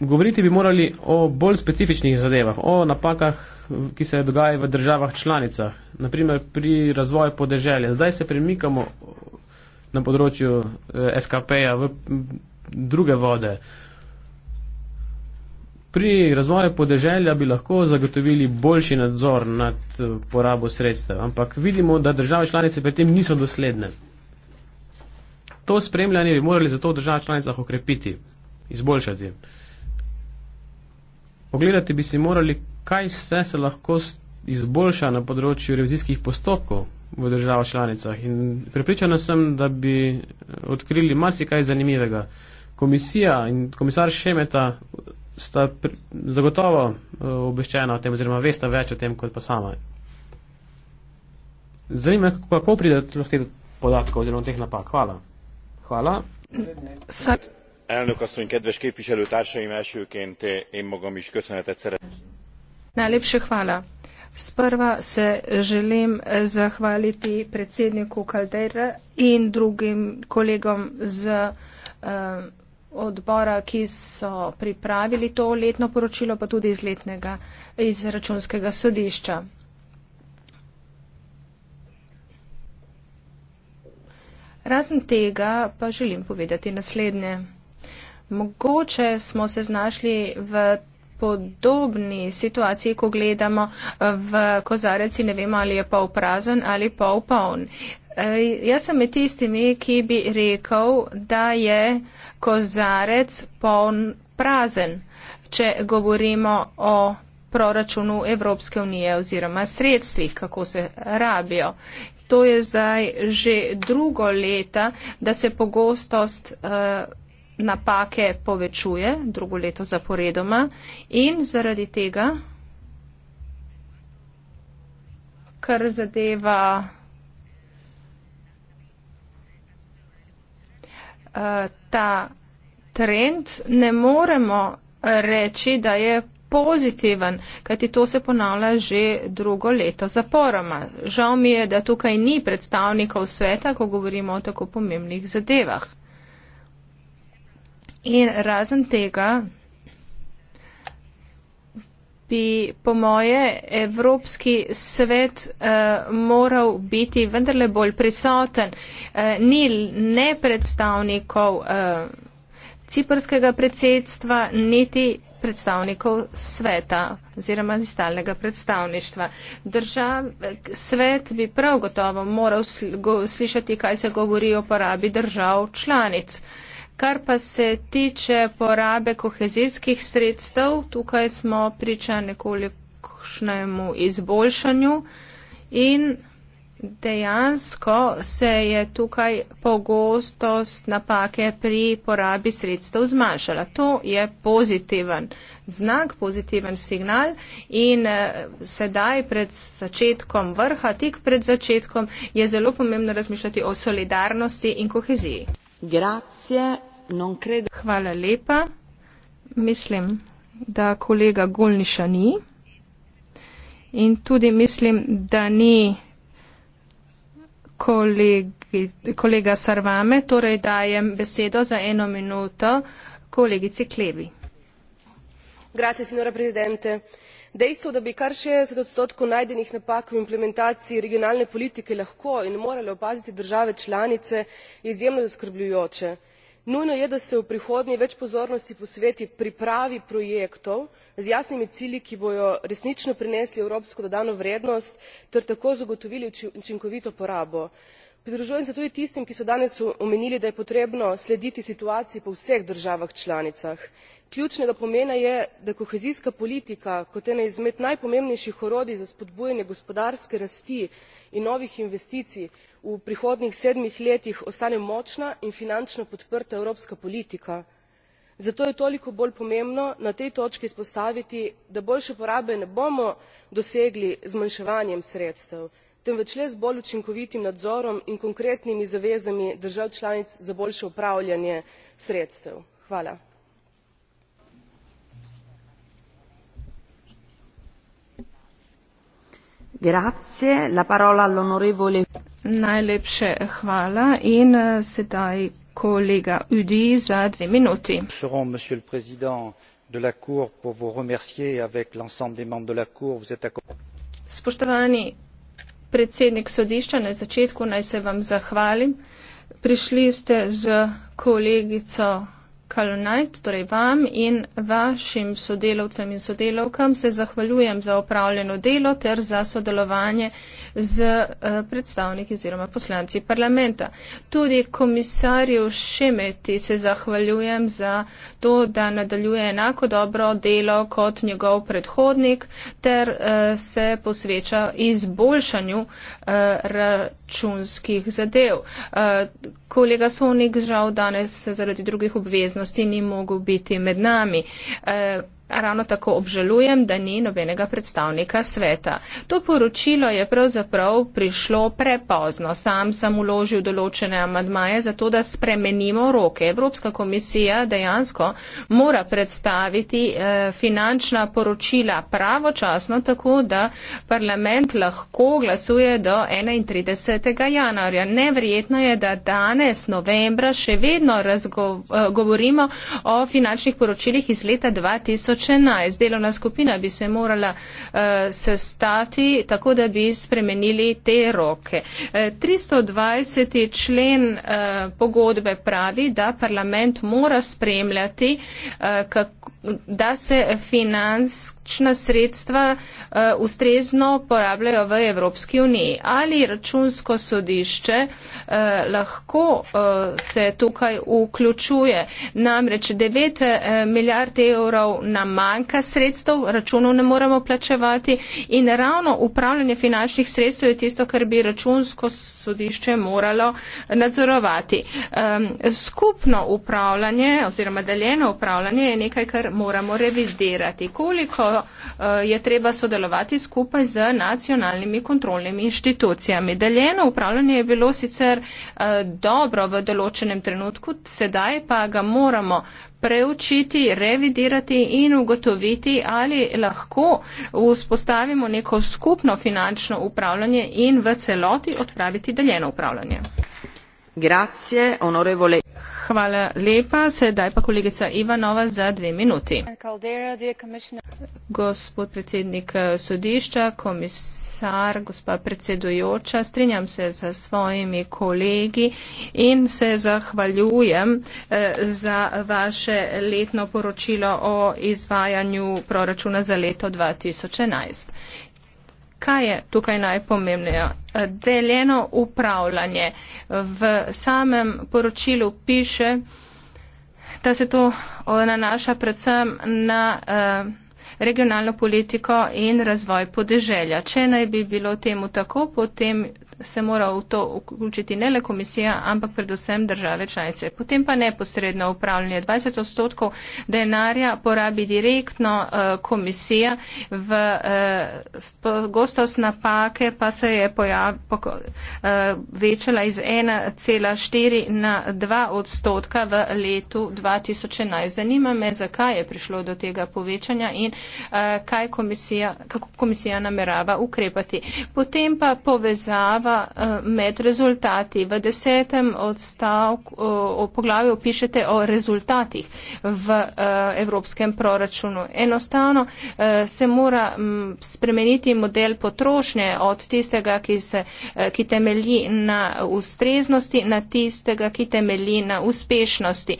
D: Govoriti bi morali o bolj specifičnih zadevah, o napakah, ki se dogajajo v državah članicah, naprimer pri razvoju podeželja. Zdaj se premikamo na področju eh, SKP-ja v druge vode. Pri razvoju podeželja bi lahko zagotovili boljši nadzor nad eh, porabo sredstev, ampak vidimo, da države članice pri tem niso dosledne. To spremljanje bi morali zato v državah članicah okrepiti, izboljšati. Pogledati bi si morali, kaj vse se lahko izboljša na področju revizijskih postopkov v državah članicah. In pripričana sem, da bi eh, odkrili marsikaj zanimivega. Komisija in komisar Šemeta sta pri, zagotovo uh, obveščena o tem, oziroma veste več o tem, kot pa sama. Zanima me, kako pride do teh podatkov oziroma teh napak. Hvala.
C: Hvala. Elnök asszony, kedves képviselőtársaim, elsőként én magam is köszönet egyszer.
B: Najlepše hvala. Sprva se želim zahvaliti predsedniku Kaldera in drugim kolegom z uh, odbora, ki so pripravili to letno poročilo, pa tudi iz letnega izračunskega sodišča. Razen tega pa želim povedati naslednje. Mogoče smo se znašli v podobni situaciji, ko gledamo v kozarec in ne vemo, ali je pol prazen ali pol poln jaz sem med tistimi, ki bi rekel, da je kozarec poln prazen, če govorimo o proračunu Evropske unije oziroma sredstvih, kako se rabijo. To je zdaj že drugo leta, da se pogostost uh, napake povečuje, drugo leto zaporedoma in zaradi tega, kar zadeva Eh, ta trend, ne moremo reči, da je pozitiven, kajti to se ponavlja že drugo leto zaporoma. Žal mi je, da tukaj ni predstavnikov sveta, ko govorimo o tako pomembnih zadevah. In razen tega bi po moje Evropski svet uh, moral biti vendarle bolj prisoten. Uh, ni ne predstavnikov uh, ciprskega predsedstva, niti predstavnikov sveta oziroma stalnega predstavništva. Držav, svet bi prav gotovo moral slišati, kaj se govori o porabi držav članic. Uh, Kar pa se tiče porabe kohezijskih sredstev, tukaj smo priča nekolikšnemu izboljšanju in dejansko se je tukaj pogostost napake pri porabi sredstev zmanjšala. To je pozitiven znak, pozitiven signal in eh, sedaj pred začetkom vrha, tik pred začetkom, je zelo pomembno razmišljati o solidarnosti in koheziji. Hvala lepa. Mislim, da kolega Golniša ni. In tudi mislim, da ni kolegi, kolega Sarvame, torej dajem besedo za eno minuto kolegici Klevi.
A: Grazie, signora Presidente dejstvo da bi kar šestdeset odstotkov najdenih napak v implementaciji regionalne politike lahko in morale opaziti države članice je izjemno zaskrbljujoče. nujno je da se v prihodnje več pozornosti posveti pripravi projektov z jasnimi cilji ki bojo resnično prinesli evropsko dodano vrednost ter tako zagotovili učinkovito porabo. pridružujem se tudi tistim ki so danes omenili da je potrebno slediti situaciji po vseh državah članicah ključnega pomena je da kohezijska politika kot ena izmed najpomembnejših orodij za spodbujanje gospodarske rasti in novih investicij v prihodnjih sedmih letih ostane močna in finančno podprta evropska politika zato je toliko bolj pomembno na tej točki izpostaviti da boljše porabe ne bomo dosegli z zmanjševanjem sredstev temveč le z bolj učinkovitim nadzorom in konkretnimi zavezami držav članic za boljše upravljanje sredstev.
B: Grazie, la parola all'onorevole. Najlepše hvala in uh, sedaj kolega Udi za dve minuti. Serom, monsieur le président de la Cour, pour vous remercier avec l'ensemble des membres de la Cour, vous êtes à... Spoštovani predsednik sodišča, na začetku naj se vam zahvalim. Prišli ste z kolegico Kalonajt, torej vam in vašim sodelavcem in sodelavkam se zahvaljujem za opravljeno delo ter za sodelovanje z eh, predstavniki oziroma poslanci parlamenta. Tudi komisarju Šemeti se zahvaljujem za to, da nadaljuje enako dobro delo kot njegov predhodnik ter eh, se posveča izboljšanju eh, računskih zadev kolega Sonik žal danes zaradi drugih obveznosti ni mogel biti med nami. Uh, ravno tako obžalujem, da ni nobenega predstavnika sveta. To poročilo je pravzaprav prišlo prepozno. Sam sem uložil določene amadmaje za to, da spremenimo roke. Evropska komisija dejansko mora predstaviti eh, finančna poročila pravočasno, tako da parlament lahko glasuje do 31. januarja. Neverjetno je, da danes, novembra, še vedno razgovorimo eh, o finančnih poročilih iz leta 2000. 2011. Delovna skupina bi se morala uh, sestati tako, da bi spremenili te roke. Uh, eh, 320. člen uh, pogodbe pravi, da parlament mora spremljati, uh, kak, da se financ kakšna sredstva eh, ustrezno porabljajo v Evropski uniji. Ali računsko sodišče eh, lahko eh, se tukaj vključuje? Namreč 9 milijard evrov nam manjka sredstev, računov ne moremo plačevati in ravno upravljanje finančnih sredstev je tisto, kar bi računsko sodišče moralo nadzorovati. Skupno upravljanje oziroma deljeno upravljanje je nekaj, kar moramo revidirati. Koliko Eh, je treba sodelovati skupaj z nacionalnimi kontrolnimi inštitucijami. Deljeno upravljanje je bilo sicer eh, dobro v določenem trenutku, sedaj pa ga moramo preučiti, revidirati in ugotoviti, ali lahko vzpostavimo neko skupno finančno upravljanje in v celoti odpraviti deljeno upravljanje. Hvala lepa. Sedaj pa kolegica Ivanova za dve minuti. Gospod predsednik eh, sodišča, komisar, gospa predsedujoča, strinjam se za svojimi kolegi in se zahvaljujem eh, za vaše letno poročilo o izvajanju proračuna za leto 2011 kaj je tukaj najpomembneje? Deljeno upravljanje. V samem poročilu piše, da se to nanaša predvsem na eh, regionalno politiko in razvoj podeželja. Če naj bi bilo temu tako, potem se mora v to vključiti ne le komisija, ampak predvsem države članice. Potem pa neposredno upravljanje 20 odstotkov denarja porabi direktno eh, komisija, v eh, gostost napake pa se je povečala eh, iz 1,4 na 2 odstotka v letu 2011. Zanima me, zakaj je prišlo do tega povečanja in kaj komisija, kako komisija namerava ukrepati. Potem pa povezava objava eh, med rezultati. V desetem odstavku o eh, poglavju pišete o rezultatih v eh, evropskem proračunu. Enostavno se mora mm, spremeniti model potrošnje od tistega, ki, se, ki temelji na ustreznosti, na tistega, ki temelji na uspešnosti.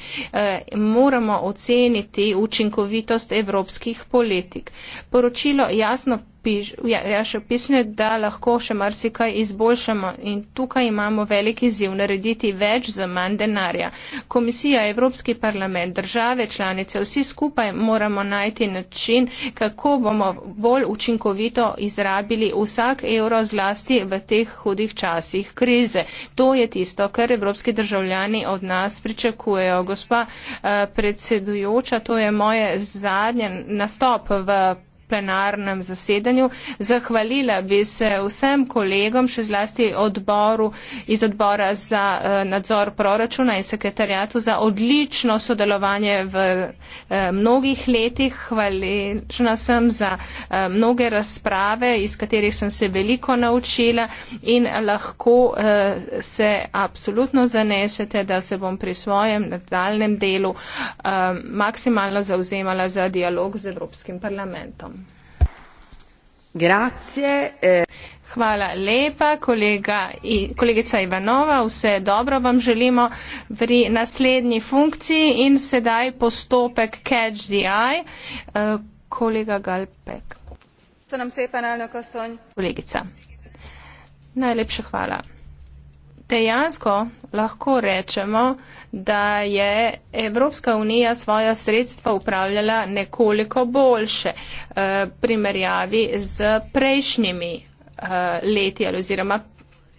B: Moramo oceniti učinkovitost evropskih politik. Poročilo jasno piš, ja, ja, še opisuje, da lahko še marsikaj izboljšamo in tukaj imamo veliki ziv narediti več za manj denarja. Komisija, Evropski parlament, države, članice, vsi skupaj moramo najti način, kako bomo bolj učinkovito izrabili vsak evro zlasti v teh hudih časih krize. To je tisto, kar evropski državljani od nas pričakujejo. Gospa uh, predsedujoča, to je moje zadnje nastop v plenarnem zasedanju. Zahvalila bi se vsem kolegom, še zlasti odboru iz odbora za eh, nadzor proračuna in sekretarjatu za odlično sodelovanje v eh, mnogih letih. Hvaležna sem za eh, mnoge razprave, iz katerih sem se veliko naučila in lahko se absolutno zanesete, da se bom pri svojem nadaljem delu maksimalno zauzemala za dialog z Evropskim parlamentom.
A: Eh. Hvala
B: lepa, kolega, kolegica Ivanova, vse dobro vam želimo pri naslednji funkciji in sedaj postopek Catch the Eye, eh, kolega Galpek. Kolegica, najlepša hvala dejansko lahko rečemo, da je Evropska unija svoja sredstva upravljala nekoliko boljše eh, primerjavi z prejšnjimi eh, leti oziroma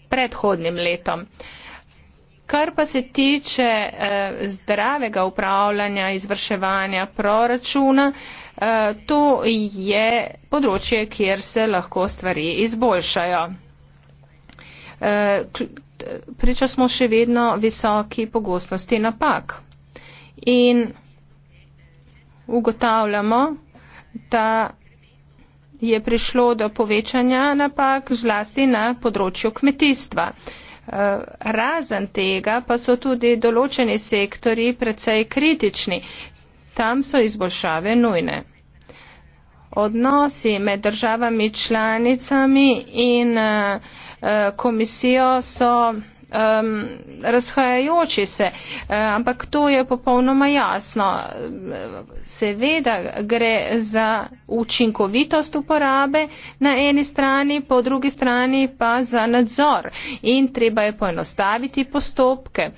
B: predhodnim letom. Kar pa se tiče eh, zdravega upravljanja, izvrševanja proračuna, to je področje, kjer se lahko stvari izboljšajo priča smo še vedno visoki pogostnosti napak. In ugotavljamo, da je prišlo do povečanja napak zlasti na področju kmetijstva. Eh, razen tega pa so tudi določeni sektori precej kritični. Tam so izboljšave nujne odnosi med državami članicami in eh, eh, komisijo so um, razhajajoči se, eh, ampak to je popolnoma jasno. Seveda gre za učinkovitost uporabe na eni strani, po drugi strani pa za nadzor in treba je poenostaviti postopke.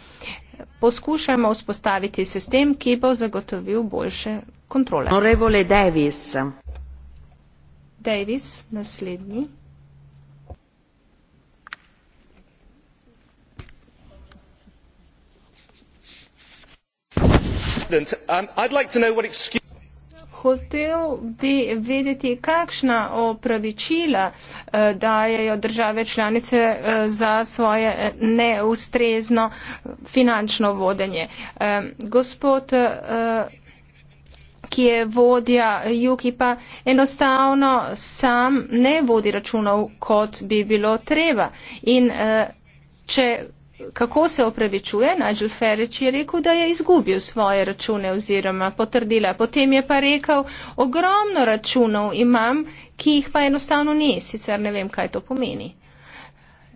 B: Poskušamo vzpostaviti sistem, ki bo zagotovil boljše kontrole. Davis, naslednji. Um, Hotel bi vedeti, kakšna opravičila uh, dajejo države članice uh, za svoje eh, neustrezno finančno vodenje. Uh, gospod uh, ki je vodja Juki, pa enostavno sam ne vodi računov, kot bi bilo treba. In uh, če, kako se opravičuje, Nigel Ferrič je rekel, da je izgubil svoje račune oziroma potrdila. Potem je pa rekel, ogromno računov imam, ki jih pa enostavno ni, sicer ne vem, kaj to pomeni.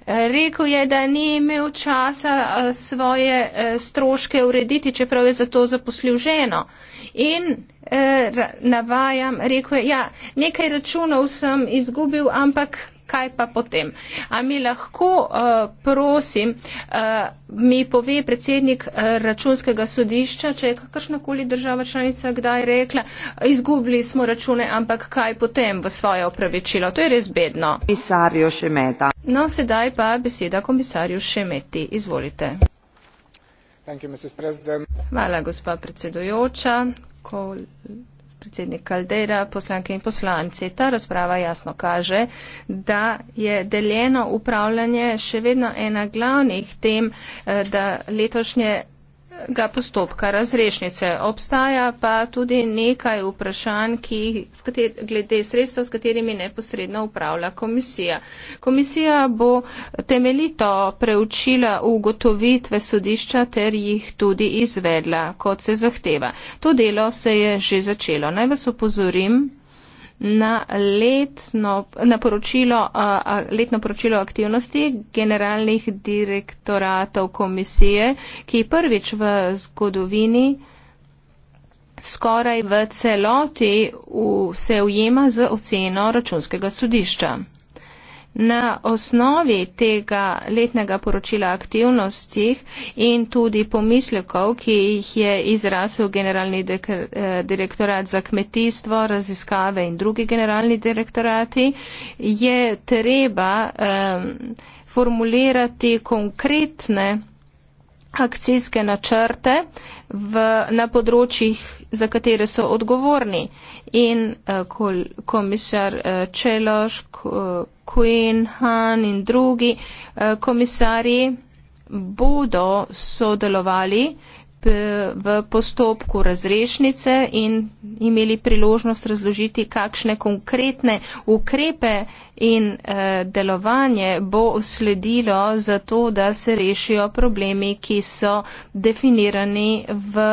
B: Rekl je, da ni imel časa eh, svoje eh, stroške urediti, čeprav je za to zaposlil ženo. In eh, navajam, rekel je, ja, nekaj računov sem izgubil, ampak kaj pa potem. A mi lahko, eh, prosim, eh, mi pove predsednik eh, računskega sodišča, če je kakršnakoli država članica kdaj rekla, izgubili smo račune, ampak kaj potem v svoje opravičilo. To je res bedno. Komisarju Šemeta. No, sedaj pa beseda komisarju Šemeti. Izvolite. Hvala, gospa predsedujoča. Kol predsednik Kaldera, poslanke in poslanci. Ta razprava jasno kaže, da je deljeno upravljanje še vedno ena glavnih tem, eh, da letošnje postopka razrešnice. Obstaja pa tudi nekaj vprašanj, ki, kater, glede sredstev, s katerimi neposredno upravlja komisija. Komisija bo temeljito preučila ugotovitve sodišča ter jih tudi izvedla, kot se zahteva. To delo se je že začelo. Naj vas opozorim, na letno, na poročilo, letno poročilo aktivnosti generalnih direktoratov komisije, ki prvič v zgodovini skoraj v celoti v, se ujema z oceno računskega sodišča na osnovi tega letnega poročila aktivnostih in tudi pomislekov, ki jih je izrazil generalni eh, direktorat za kmetijstvo, raziskave in drugi generalni direktorati, je treba um, formulirati konkretne akcijske načrte v, na področjih, za katere so odgovorni. In uh, kol, komisar uh, eh, Čelož, ko, Queen, Han in drugi eh, komisarji bodo sodelovali eh, v postopku razrešnice in imeli priložnost razložiti, kakšne konkretne ukrepe in eh, delovanje bo sledilo za to, da se rešijo problemi, ki so definirani v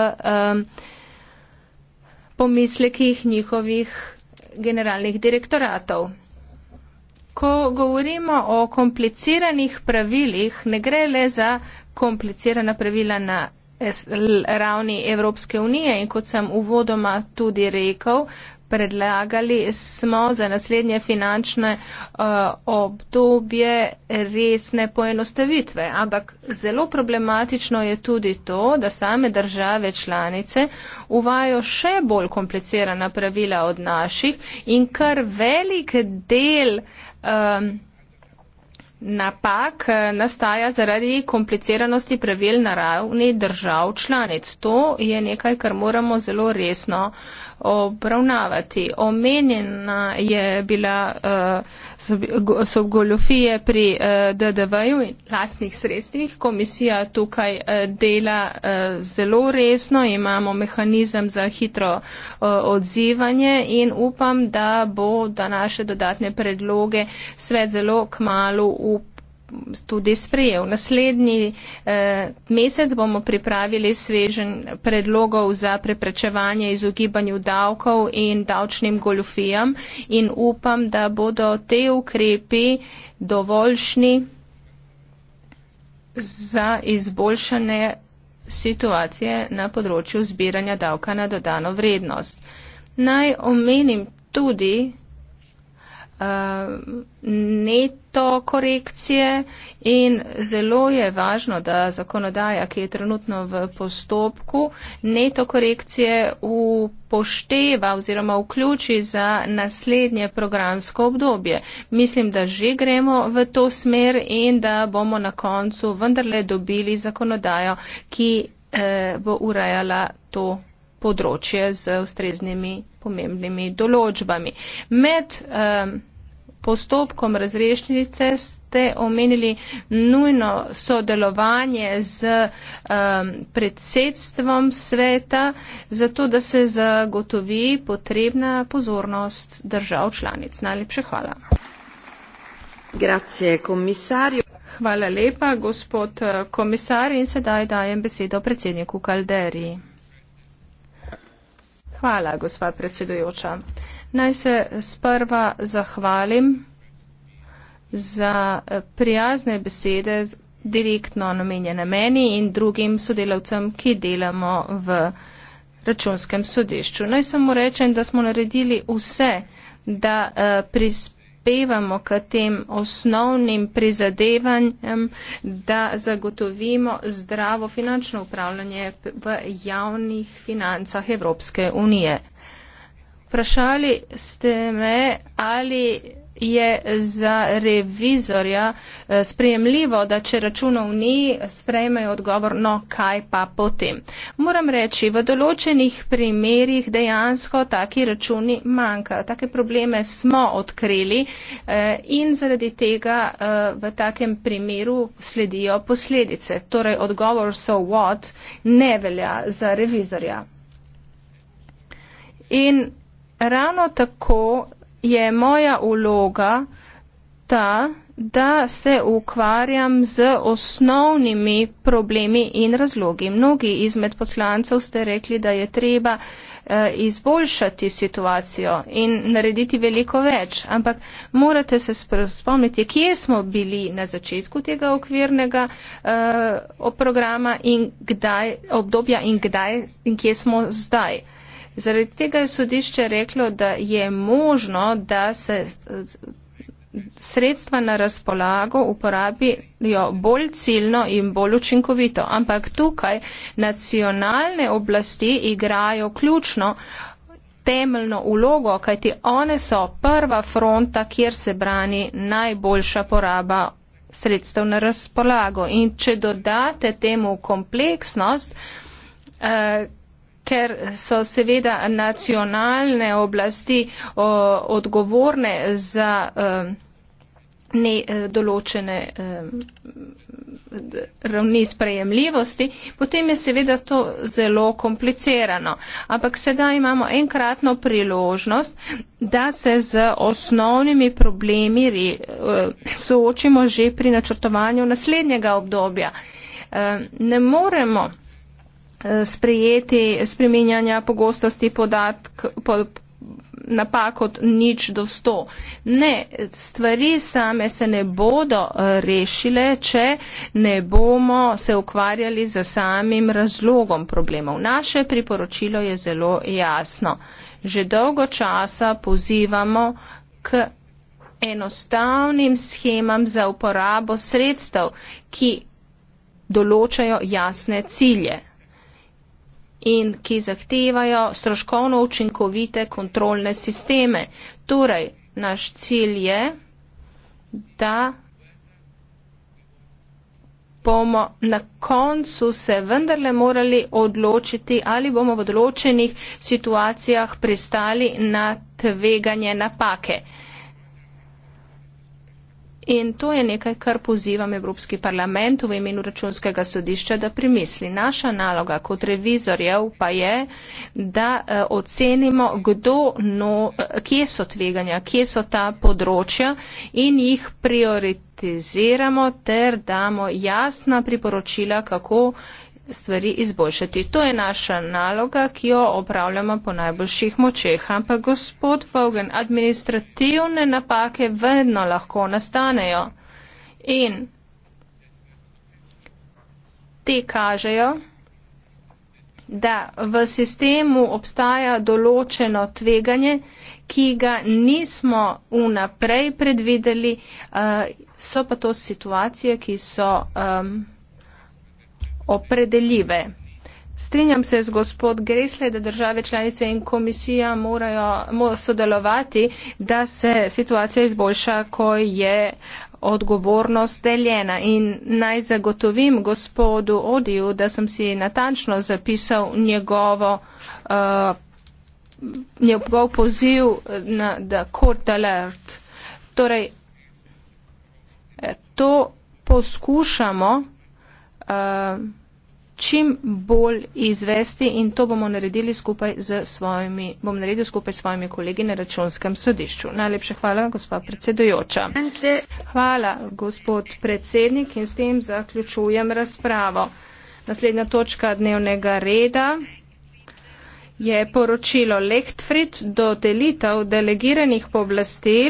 B: pomislekih njihovih generalnih direktoratov ko govorimo o kompliciranih pravilih, ne gre le za komplicirana pravila na ravni Evropske unije in kot sem uvodoma tudi rekel, predlagali smo za naslednje finančne uh, obdobje resne poenostavitve. Ampak zelo problematično je tudi to, da same države članice uvajo še bolj komplicirana pravila od naših in kar velik del uh, Um, napak eh, nastaja zaradi kompliciranosti pravil na ravni držav članic. To je nekaj, kar moramo zelo resno obravnavati. Omenjena je bila uh, eh, so goljofije pri uh, eh, DDV-ju in lastnih sredstvih. Komisija tukaj uh, dela uh, zelo resno, imamo mehanizem za hitro uh, odzivanje in upam, da bo da naše dodatne predloge svet zelo kmalo upravljal tudi sprejel. Naslednji eh, mesec bomo pripravili svežen predlogov za preprečevanje izogibanju davkov in davčnim goljufijam in upam, da bodo te ukrepi dovoljšni za izboljšanje situacije na področju zbiranja davka na dodano vrednost. Naj omenim tudi, uh, neto korekcije in zelo je važno, da zakonodaja, ki je trenutno v postopku, neto korekcije upošteva oziroma vključi za naslednje programsko obdobje. Mislim, da že gremo v to smer in da bomo na koncu vendarle dobili zakonodajo, ki uh, bo urajala to področje z ustreznimi pomembnimi določbami. Med um, postopkom razrešnice ste omenili nujno sodelovanje z um, predsedstvom sveta, zato da se zagotovi potrebna pozornost držav članic. Najlepše hvala. Grazie, hvala lepa, gospod eh, komisar. In sedaj dajem besedo predsedniku Kalderi. Hvala, gospa predsedujoča. Naj se sprva zahvalim za eh, prijazne besede direktno namenjene meni in drugim sodelavcem, ki delamo v računskem sodišču. Naj samo rečem, da smo naredili vse, da eh, prispevamo prispevamo k tem osnovnim prizadevanjem, da zagotovimo zdravo finančno upravljanje v javnih financah Evropske unije. Vprašali ste me, ali je za revizorja eh, sprejemljivo, da če računov ni, sprejmejo odgovor, no kaj pa potem. Moram reči, v določenih primerjih dejansko taki računi manjkajo. Take probleme smo odkrili eh, in zaradi tega eh, v takem primeru sledijo posledice. Torej, odgovor so what ne velja za revizorja. In ravno tako je moja vloga ta, da se ukvarjam z osnovnimi problemi in razlogi. Mnogi izmed poslancev ste rekli, da je treba eh, izboljšati situacijo in narediti veliko več. Ampak morate se spomniti, kje smo bili na začetku tega okvirnega uh, programa in kdaj, obdobja in kdaj in kje smo zdaj. Uh, Zaradi tega je sodišče reklo, da je možno, da se sredstva na razpolago uporabijo bolj ciljno in bolj učinkovito. Ampak tukaj nacionalne oblasti igrajo ključno temeljno ulogo, kajti one so prva fronta, kjer se brani najboljša poraba sredstev na razpolago. In če dodate temu kompleksnost, eh, ker so seveda nacionalne oblasti odgovorne za eh, ne eh, določene eh, ravni sprejemljivosti, potem je seveda to zelo komplicirano. Ampak sedaj imamo enkratno priložnost, da se z osnovnimi problemi soočimo že pri načrtovanju naslednjega obdobja. Ne moremo sprejeti spreminjanja pogostosti podatk, po, napak od nič do sto. Ne, stvari same se ne bodo eh, rešile, če ne bomo se ukvarjali za samim razlogom problemov. Naše priporočilo je zelo jasno. Že dolgo časa pozivamo k enostavnim schemam za uporabo sredstev, ki določajo jasne cilje in ki zahtevajo stroškovno učinkovite kontrolne sisteme. Torej, naš cilj je, da bomo na koncu se vendarle morali odločiti, ali bomo v določenih situacijah pristali na tveganje napake. In to je nekaj, kar pozivam Evropski parlament v imenu računskega sodišča, da premisli. Naša naloga kot revizorjev pa je, da eh, ocenimo, kdo, no, eh, kje so tveganja, kje so ta področja in jih prioritiziramo ter damo jasna priporočila, kako stvari izboljšati. To je naša naloga, ki jo opravljamo po najboljših močeh. Ampak, gospod Vogen, administrativne napake vedno lahko nastanejo in te kažejo, da v sistemu obstaja določeno tveganje, ki ga nismo vnaprej predvideli, uh, so pa to situacije, ki so. Um, opredeljive. Strinjam se z gospod Gresle, da države članice in komisija morajo, morajo sodelovati, da se situacija izboljša, ko je odgovornost deljena. In naj zagotovim gospodu Odiju, da sem si natančno zapisal njegovo. Uh, njegov poziv na da court alert. Torej, eh, to poskušamo uh, čim bolj izvesti in to bomo naredili skupaj z svojimi, bom naredil skupaj s svojimi kolegi na računskem sodišču. Najlepša hvala, gospa predsedujoča. Hvala, gospod predsednik in s tem zaključujem razpravo. Naslednja točka dnevnega reda je poročilo Lechtfried do delitev delegiranih pooblastil.